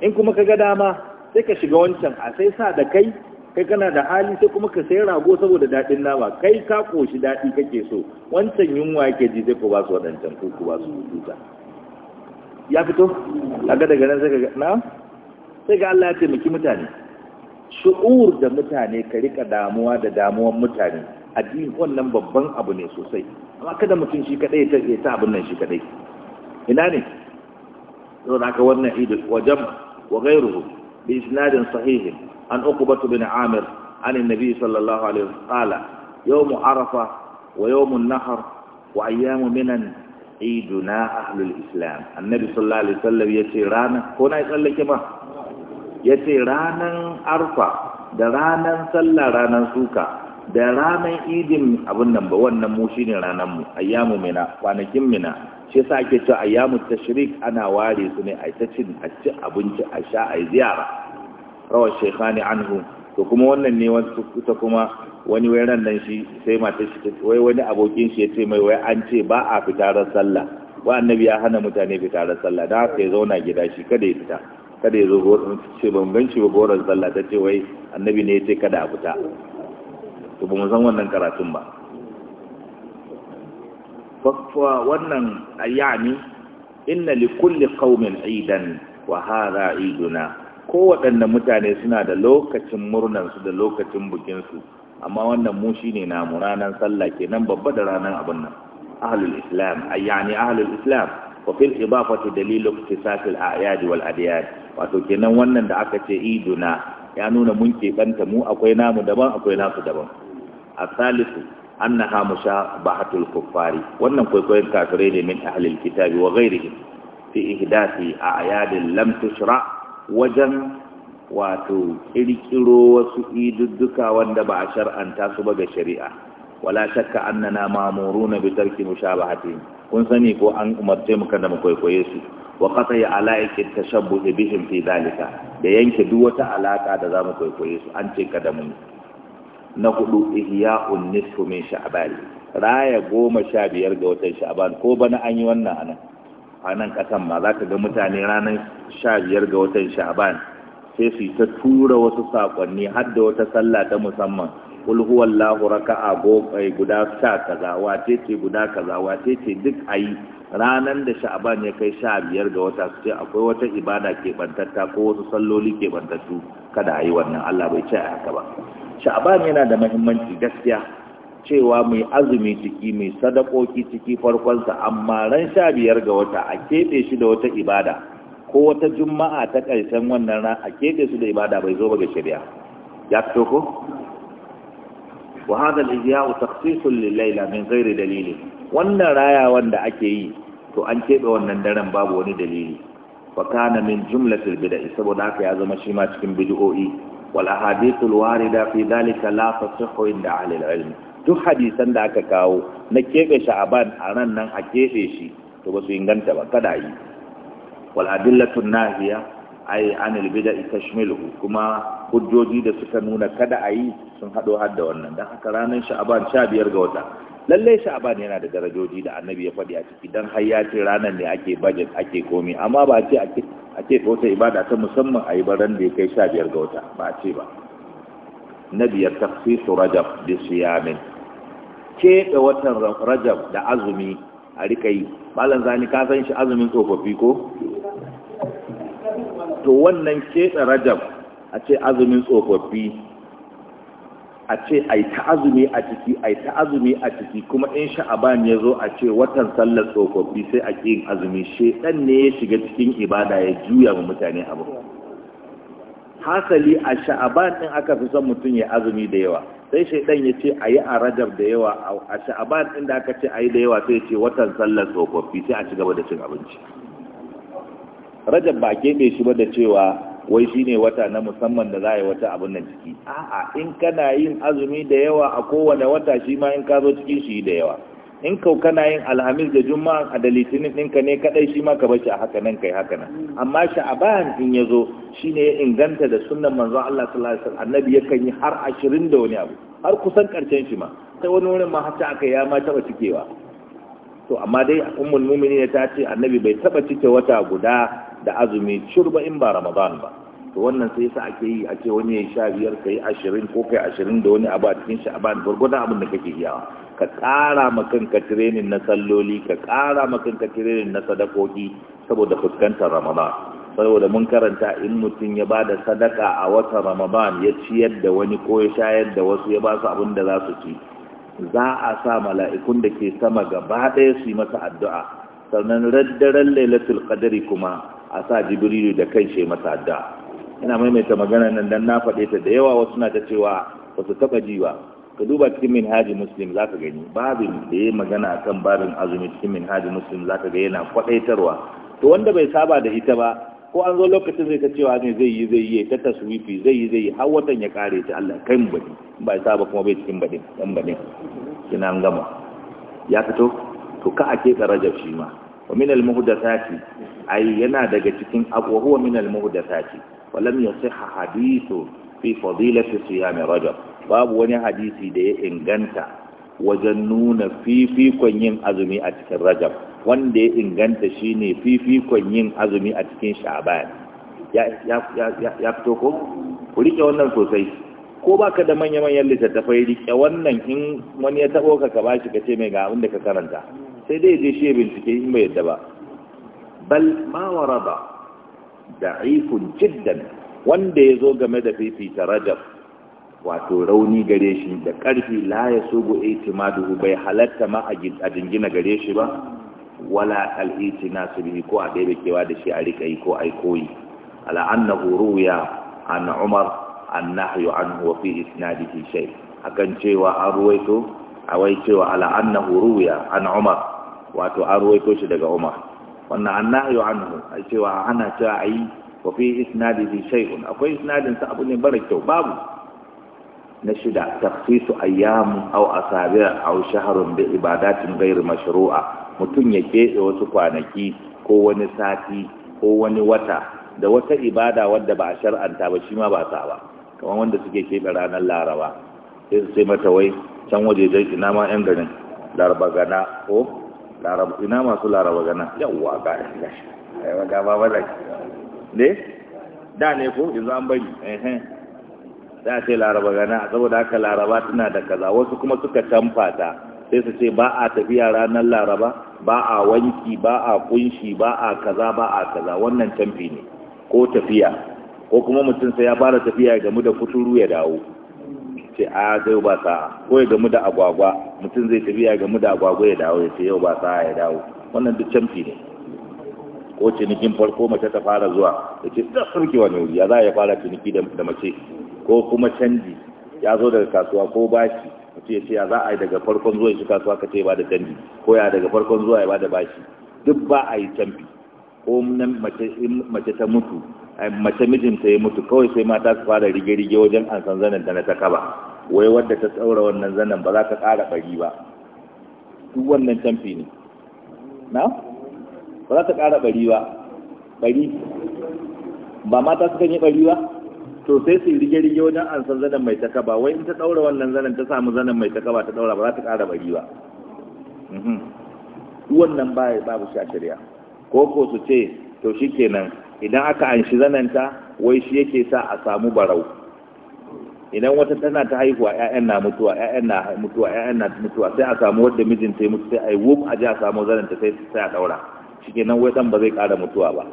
in kuma ka ga dama sai ka shiga wancan a sai sa da kai kai kana da hali sai kuma ka sai rago saboda daɗin nama kai ka koshi daɗi kake so wancan yunwa yake ji zai ku ba su waɗancan ko ku ba su hututa ya fito ga daga nan sai ka na sai ga Allah ya taimaki mutane shu'ur da mutane ka rika damuwa da damuwan mutane addini wannan babban abu ne sosai amma kada mutum shi kadai ya ta abin nan shi kadai ina ne saboda haka wannan idul wajab wa ghayruhu bi isnadin sahihin an uqbatu bin amir an annabi sallallahu alaihi wasallam qala yawm arafa wa yawm an-nahr wa ayyamu minan iduna ahlul islam annabi sallallahu alaihi wasallam yace rana ranan arfa da ranan sallah ranan suka da ranan idin abun nan ba wannan mu shine ranan mu ayyamu mina kwanakin mina shi yasa ake cewa ayyamu tashrik ana ware su ne a ta cin abinci a sha a ziyara rawar shekhani anhu to kuma wannan ne wani ta kuma wani wai ran nan shi sai mata shi wai wani abokin shi ya ce mai wai an ce ba a fitarar sallah wa annabi ya hana mutane fitarar sallah da haka ya zauna gida shi kada ya fita kada ya zo goron ce ban ganci ba goron sallah ta ce wai annabi ne ya ce kada a fita to ba mu san wannan karatun ba wannan ayani inna li kulli qaumin idan wa hadha iduna kowaɗanne mutane suna da lokacin murnansu da lokacin bukinsu amma wannan mu shi ne namu ranar sallah kenan babba da ranar abin nan ahlul islam ayyani ahlul islam wa fil idafati dalil iktisas a'yad wal adiyat wato kenan wannan da aka ce iduna ya nuna mun banta mu akwai namu daban akwai nasu daban asalisu annaha mushabahatul kuffari wannan kwaikwayon kafirai ne min ahlil kitabi wa ghairihim fi ihdasi a'yadin lam tushra' wajen wato kirkiro wasu idudduka wanda ba a shar'anta su ba ga shari'a wala shakka annana ma'muruna bi tarki mushabahati kun sani ko an umarce mu kada mu kwaikwaye su wa qata ya alaiki tashabbuh bihim fi dalika da yanke duk wata alaka da zamu kwaikwaye su an ce kada mu na hudu ihya'un nisfu min sha'ban raya goma sha biyar ga watan sha'ban ko bana an yi wannan anan a nan ƙasan ma za ka ga mutane ranar sha biyar ga watan sha'ban sai su ta tura wasu saƙonni har da wata sallah ta musamman kul huwallahu raka'a eh, guda sha kaza wace ce guda kaza wace ce duk ayi ranar da sha'aban ya kai sha biyar ga wata su ce akwai wata ibada bantatta ko wasu salloli kebantattu. kada a yi wannan Allah bai ce a haka ba sha'aban yana da mahimmanci gaskiya cewa mai azumi ciki mai sadakoki ciki farkonsa amma ran sha biyar ga wata a keɓe shi da wata ibada ko wata juma'a ta ƙarshen wannan ran a keɓe su da ibada bai zo ba ga shari'a ya fito ko wa hada al-ihya'u takhsisun lil layla min ghairi dalili wannan raya wanda ake yi to an keɓe wannan daren babu wani dalili fa kana min jumlatil bid'i saboda haka ya zama shi ma cikin bid'o'i wal ahadithul warida fi dhalika la tasihhu inda ahli al-ilm duk hadisan da aka kawo na keɓe sha'aban a ran nan a keɓe shi to ba su inganta ba kada yi wal adillatun nahiya ai anil bid'a tashmiluhu kuma hujjoji da suka nuna kada a yi sun haɗo har da wannan don haka ranar sha'aban sha ga wata lallai sha'aban yana da darajoji da annabi ya faɗi a ciki dan har ya ce ranar ne ake budget ake komi amma ba ce a ce ta ibada ta musamman ayi yi baran da ya kai sha biyar ga wata ba a ce ba na biyar su rajab bi siyamin keɓe watan rajab da azumi a rika yi malam zani ka san shi azumin tsofaffi ko to wannan keɓe rajab a ce azumin tsofaffi a ce a ta azumi a ciki a ta azumi a ciki kuma in sha'aban ya zo a ce watan sallar tsofaffi sai a ƙin azumi shedan ne ya shiga cikin ibada ya juya wa mutane abu hasali a sha'aban din aka fi son mutum ya azumi da yawa sai shaidan ya ce a yi a rajab da yawa a sha'aban inda aka ce a yi da yawa sai ce watan sallar tsofaffi sai a ci gaba da cin abinci rajab ba keɓe shi ba da cewa wai shi ne wata na musamman da za a yi wata abin nan ciki a'a in kana yin azumi da yawa a kowane wata shi ma in ka zo cikin shi da yawa in kau kana yin alhamis da juma'a a da litinin ɗinka ne kaɗai shi ma ka bashi a haka nan kai haka nan amma sha'aban in ya zo shi ne ya inganta da sunan manzon Allah sallallahu alaihi wasallam annabi yakan yi har ashirin da wani abu har kusan karshen shi ma sai wani wurin ma hatta aka ya ma taba cikewa to amma dai ummul mu'minin ta ce annabi bai taɓa cike wata guda da azumi shurba in ba ramadan ba to wannan sai sa ake yi a wani ya sha biyar kai ashirin ko kai ashirin da wani abu a cikin sha'aban gwargwadon abin da kake iyawa ka ƙara ma kanka tirenin na salloli ka ƙara ma kanka tirenin na sadakoki saboda fuskantar ramadan saboda mun karanta in mutum ya ba da sadaka a watan ramadan ya ciyar da wani ko ya shayar da wasu ya ba su abin da za su ci za a sa mala'ikun da ke sama gaba ɗaya su yi masa addu'a sannan raddaren lailatul qadari kuma a sa jibrilu da kai shi masa addu'a ina maimaita magana nan dan na faɗe ta da yawa wasu na ta cewa ba su ji ba ka duba cikin minhaji muslim za ka gani babin da ya magana akan babin azumi cikin minhaji muslim za ka ga yana kwaɗaitarwa to wanda bai saba da ita ba ko an zo lokacin zai ta cewa ne zai yi zai yi ta taswifi zai yi zai yi har watan ya kare ta Allah kai mu bane ba saba kuma bai cikin bane dan bane kina gama ya fito to ka ake keta rajab shi ma wa min al muhdathati ai yana daga cikin aqwa huwa min al muhdathati walam yasihha hadithu fi fadilati siyami rajab babu wani hadisi da ya inganta wajen nuna fifikon yin azumi a cikin rajab wanda ya inganta shine fifikon yin azumi a cikin sha'ban ya fito ko ku rike wannan sosai ko baka da manya-manyan littattafai rike wannan in wani ya taɓo ka ba ka ce mai ga abin da ka karanta sai dai je shi bincike in bai yadda ba bal ma warada da'ifun jiddan wanda ya zo game da fifita rajab wato rauni gare shi da ƙarfi la ya go itimaduhu bai halatta ma a jingina gare shi ba wala al'iti nasu bihi ko a ɗaya kewa da shi a rika yi ko a koyi ala annahu ruya an umar an nahyu anhu wa fi isnadihi shay akan cewa an ruwaito a wai cewa ala annahu ruya an umar wato an ruwaito shi daga umar wannan annahyu anhu a cewa ana cewa ayi wa fi isnadihi shay'un akwai isnadin sa abu ne bara kyau babu na shida takhsisu ayyam aw a aw shahrun bi ibadatin ghairu mashru'a mutum ya keɓe wasu kwanaki ko wani sati ko wani wata da wata ibada wadda ba a shar'anta ba shi ma ba sa ba kamar wanda suke keɓe ranar laraba sai mata wai can wajejen ina ma 'yan garin larabagana ko laraba ina masu laraba gana yawwa ga gashi aiwa ga da ne da ne ko yanzu an bari eh da ce laraba gana saboda haka laraba tana da kaza wasu kuma suka tamfa ta sai su ce ba a tafiya ranar laraba ba a wanki ba a kunshi ba a kaza ba a kaza wannan tamfi ne ko tafiya ko kuma mutum sai ya fara tafiya game mu da kuturu ya dawo ce a ga yau ba sa'a ko ya gamu da agwagwa mutum zai tafiya gamu da agwagwa ya dawo ya ce yau ba a ya dawo wannan duk canfi ne ko cinikin farko mace ta fara zuwa da ce ta sarki wani wuri ya za ya fara ciniki da mace ko kuma canji ya zo daga kasuwa ko bashi mace ya ce ya za a yi daga farkon zuwa shi kasuwa ka ce ba da canji ko ya daga farkon zuwa ya ba da bashi duk ba a yi canfi ko mace ta mutu mace mijinta ya mutu kawai sai mata su fara rige-rige wajen an san zanen da na ta kaba wai wadda ta tsaura wannan zanen ba za ka ƙara bari ba duk wannan canfi ne na ba za ta ƙara bari ba bari ba mata su yi bari ba to sai su rige-rige wajen an san zanen mai ta kaba wai in ta tsaura wannan zanen ta samu zanen mai ta kaba ta tsaura ba za ta ƙara bari ba mhm. duk wannan ba ya babu shi a ko ko su ce to shi kenan idan aka anshi zananta wai shi yake sa a samu barau idan wata tana ta haihuwa ƴaƴan na mutuwa ƴaƴan na mutuwa ƴaƴan na mutuwa sai a samu wanda mijin ta mutu sai a yi aje a samu zananta sai sai a daura shikenan wai dan ba zai ƙara mutuwa ba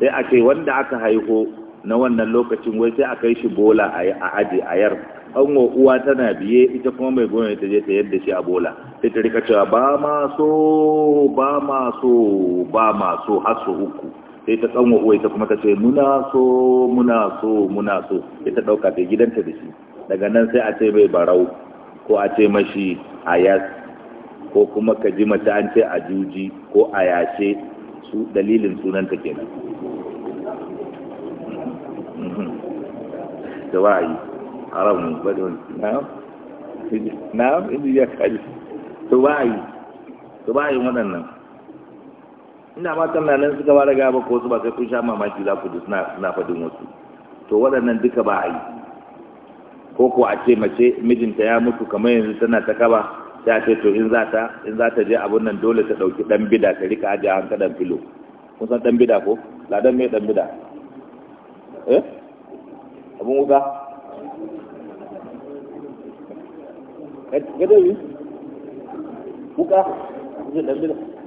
sai a ce wanda aka haihu na wannan lokacin wai sai a kai shi bola a aje a yar an uwa tana biye ita kuma mai gona ta je ta yadda shi a bola sai ta rika cewa ba ma so ba ma so ba ma so har uku sai ta tsanwa uwa ita kuma ta ce muna so muna so muna so sai ta ɗauka ta gidanta da shi daga nan sai a ce mai barau ko a ce mashi ayas ko kuma ka ji mace an ce a juji ko a yashe su dalilin sunan kenan da mhm. wa'ayi arab ne ba da wani na'am ya kaji to wa'ayi to wa'ayin waɗannan ina ma ta nan suka ba daga ba ko su ba sai kun sha mamaki za ku ji suna faɗin wasu to waɗannan duka ba a yi ko ko a ce mace mijinta ya mutu kamar yanzu tana ta kaba sai a ce to in za ta in za ta je abun nan dole ta ɗauki ɗan bida ta rika ajiye hanka ɗan filo kun san ɗan bida ko ladan mai ɗan bida eh abun wuka gadawi wuka zai ɗan bida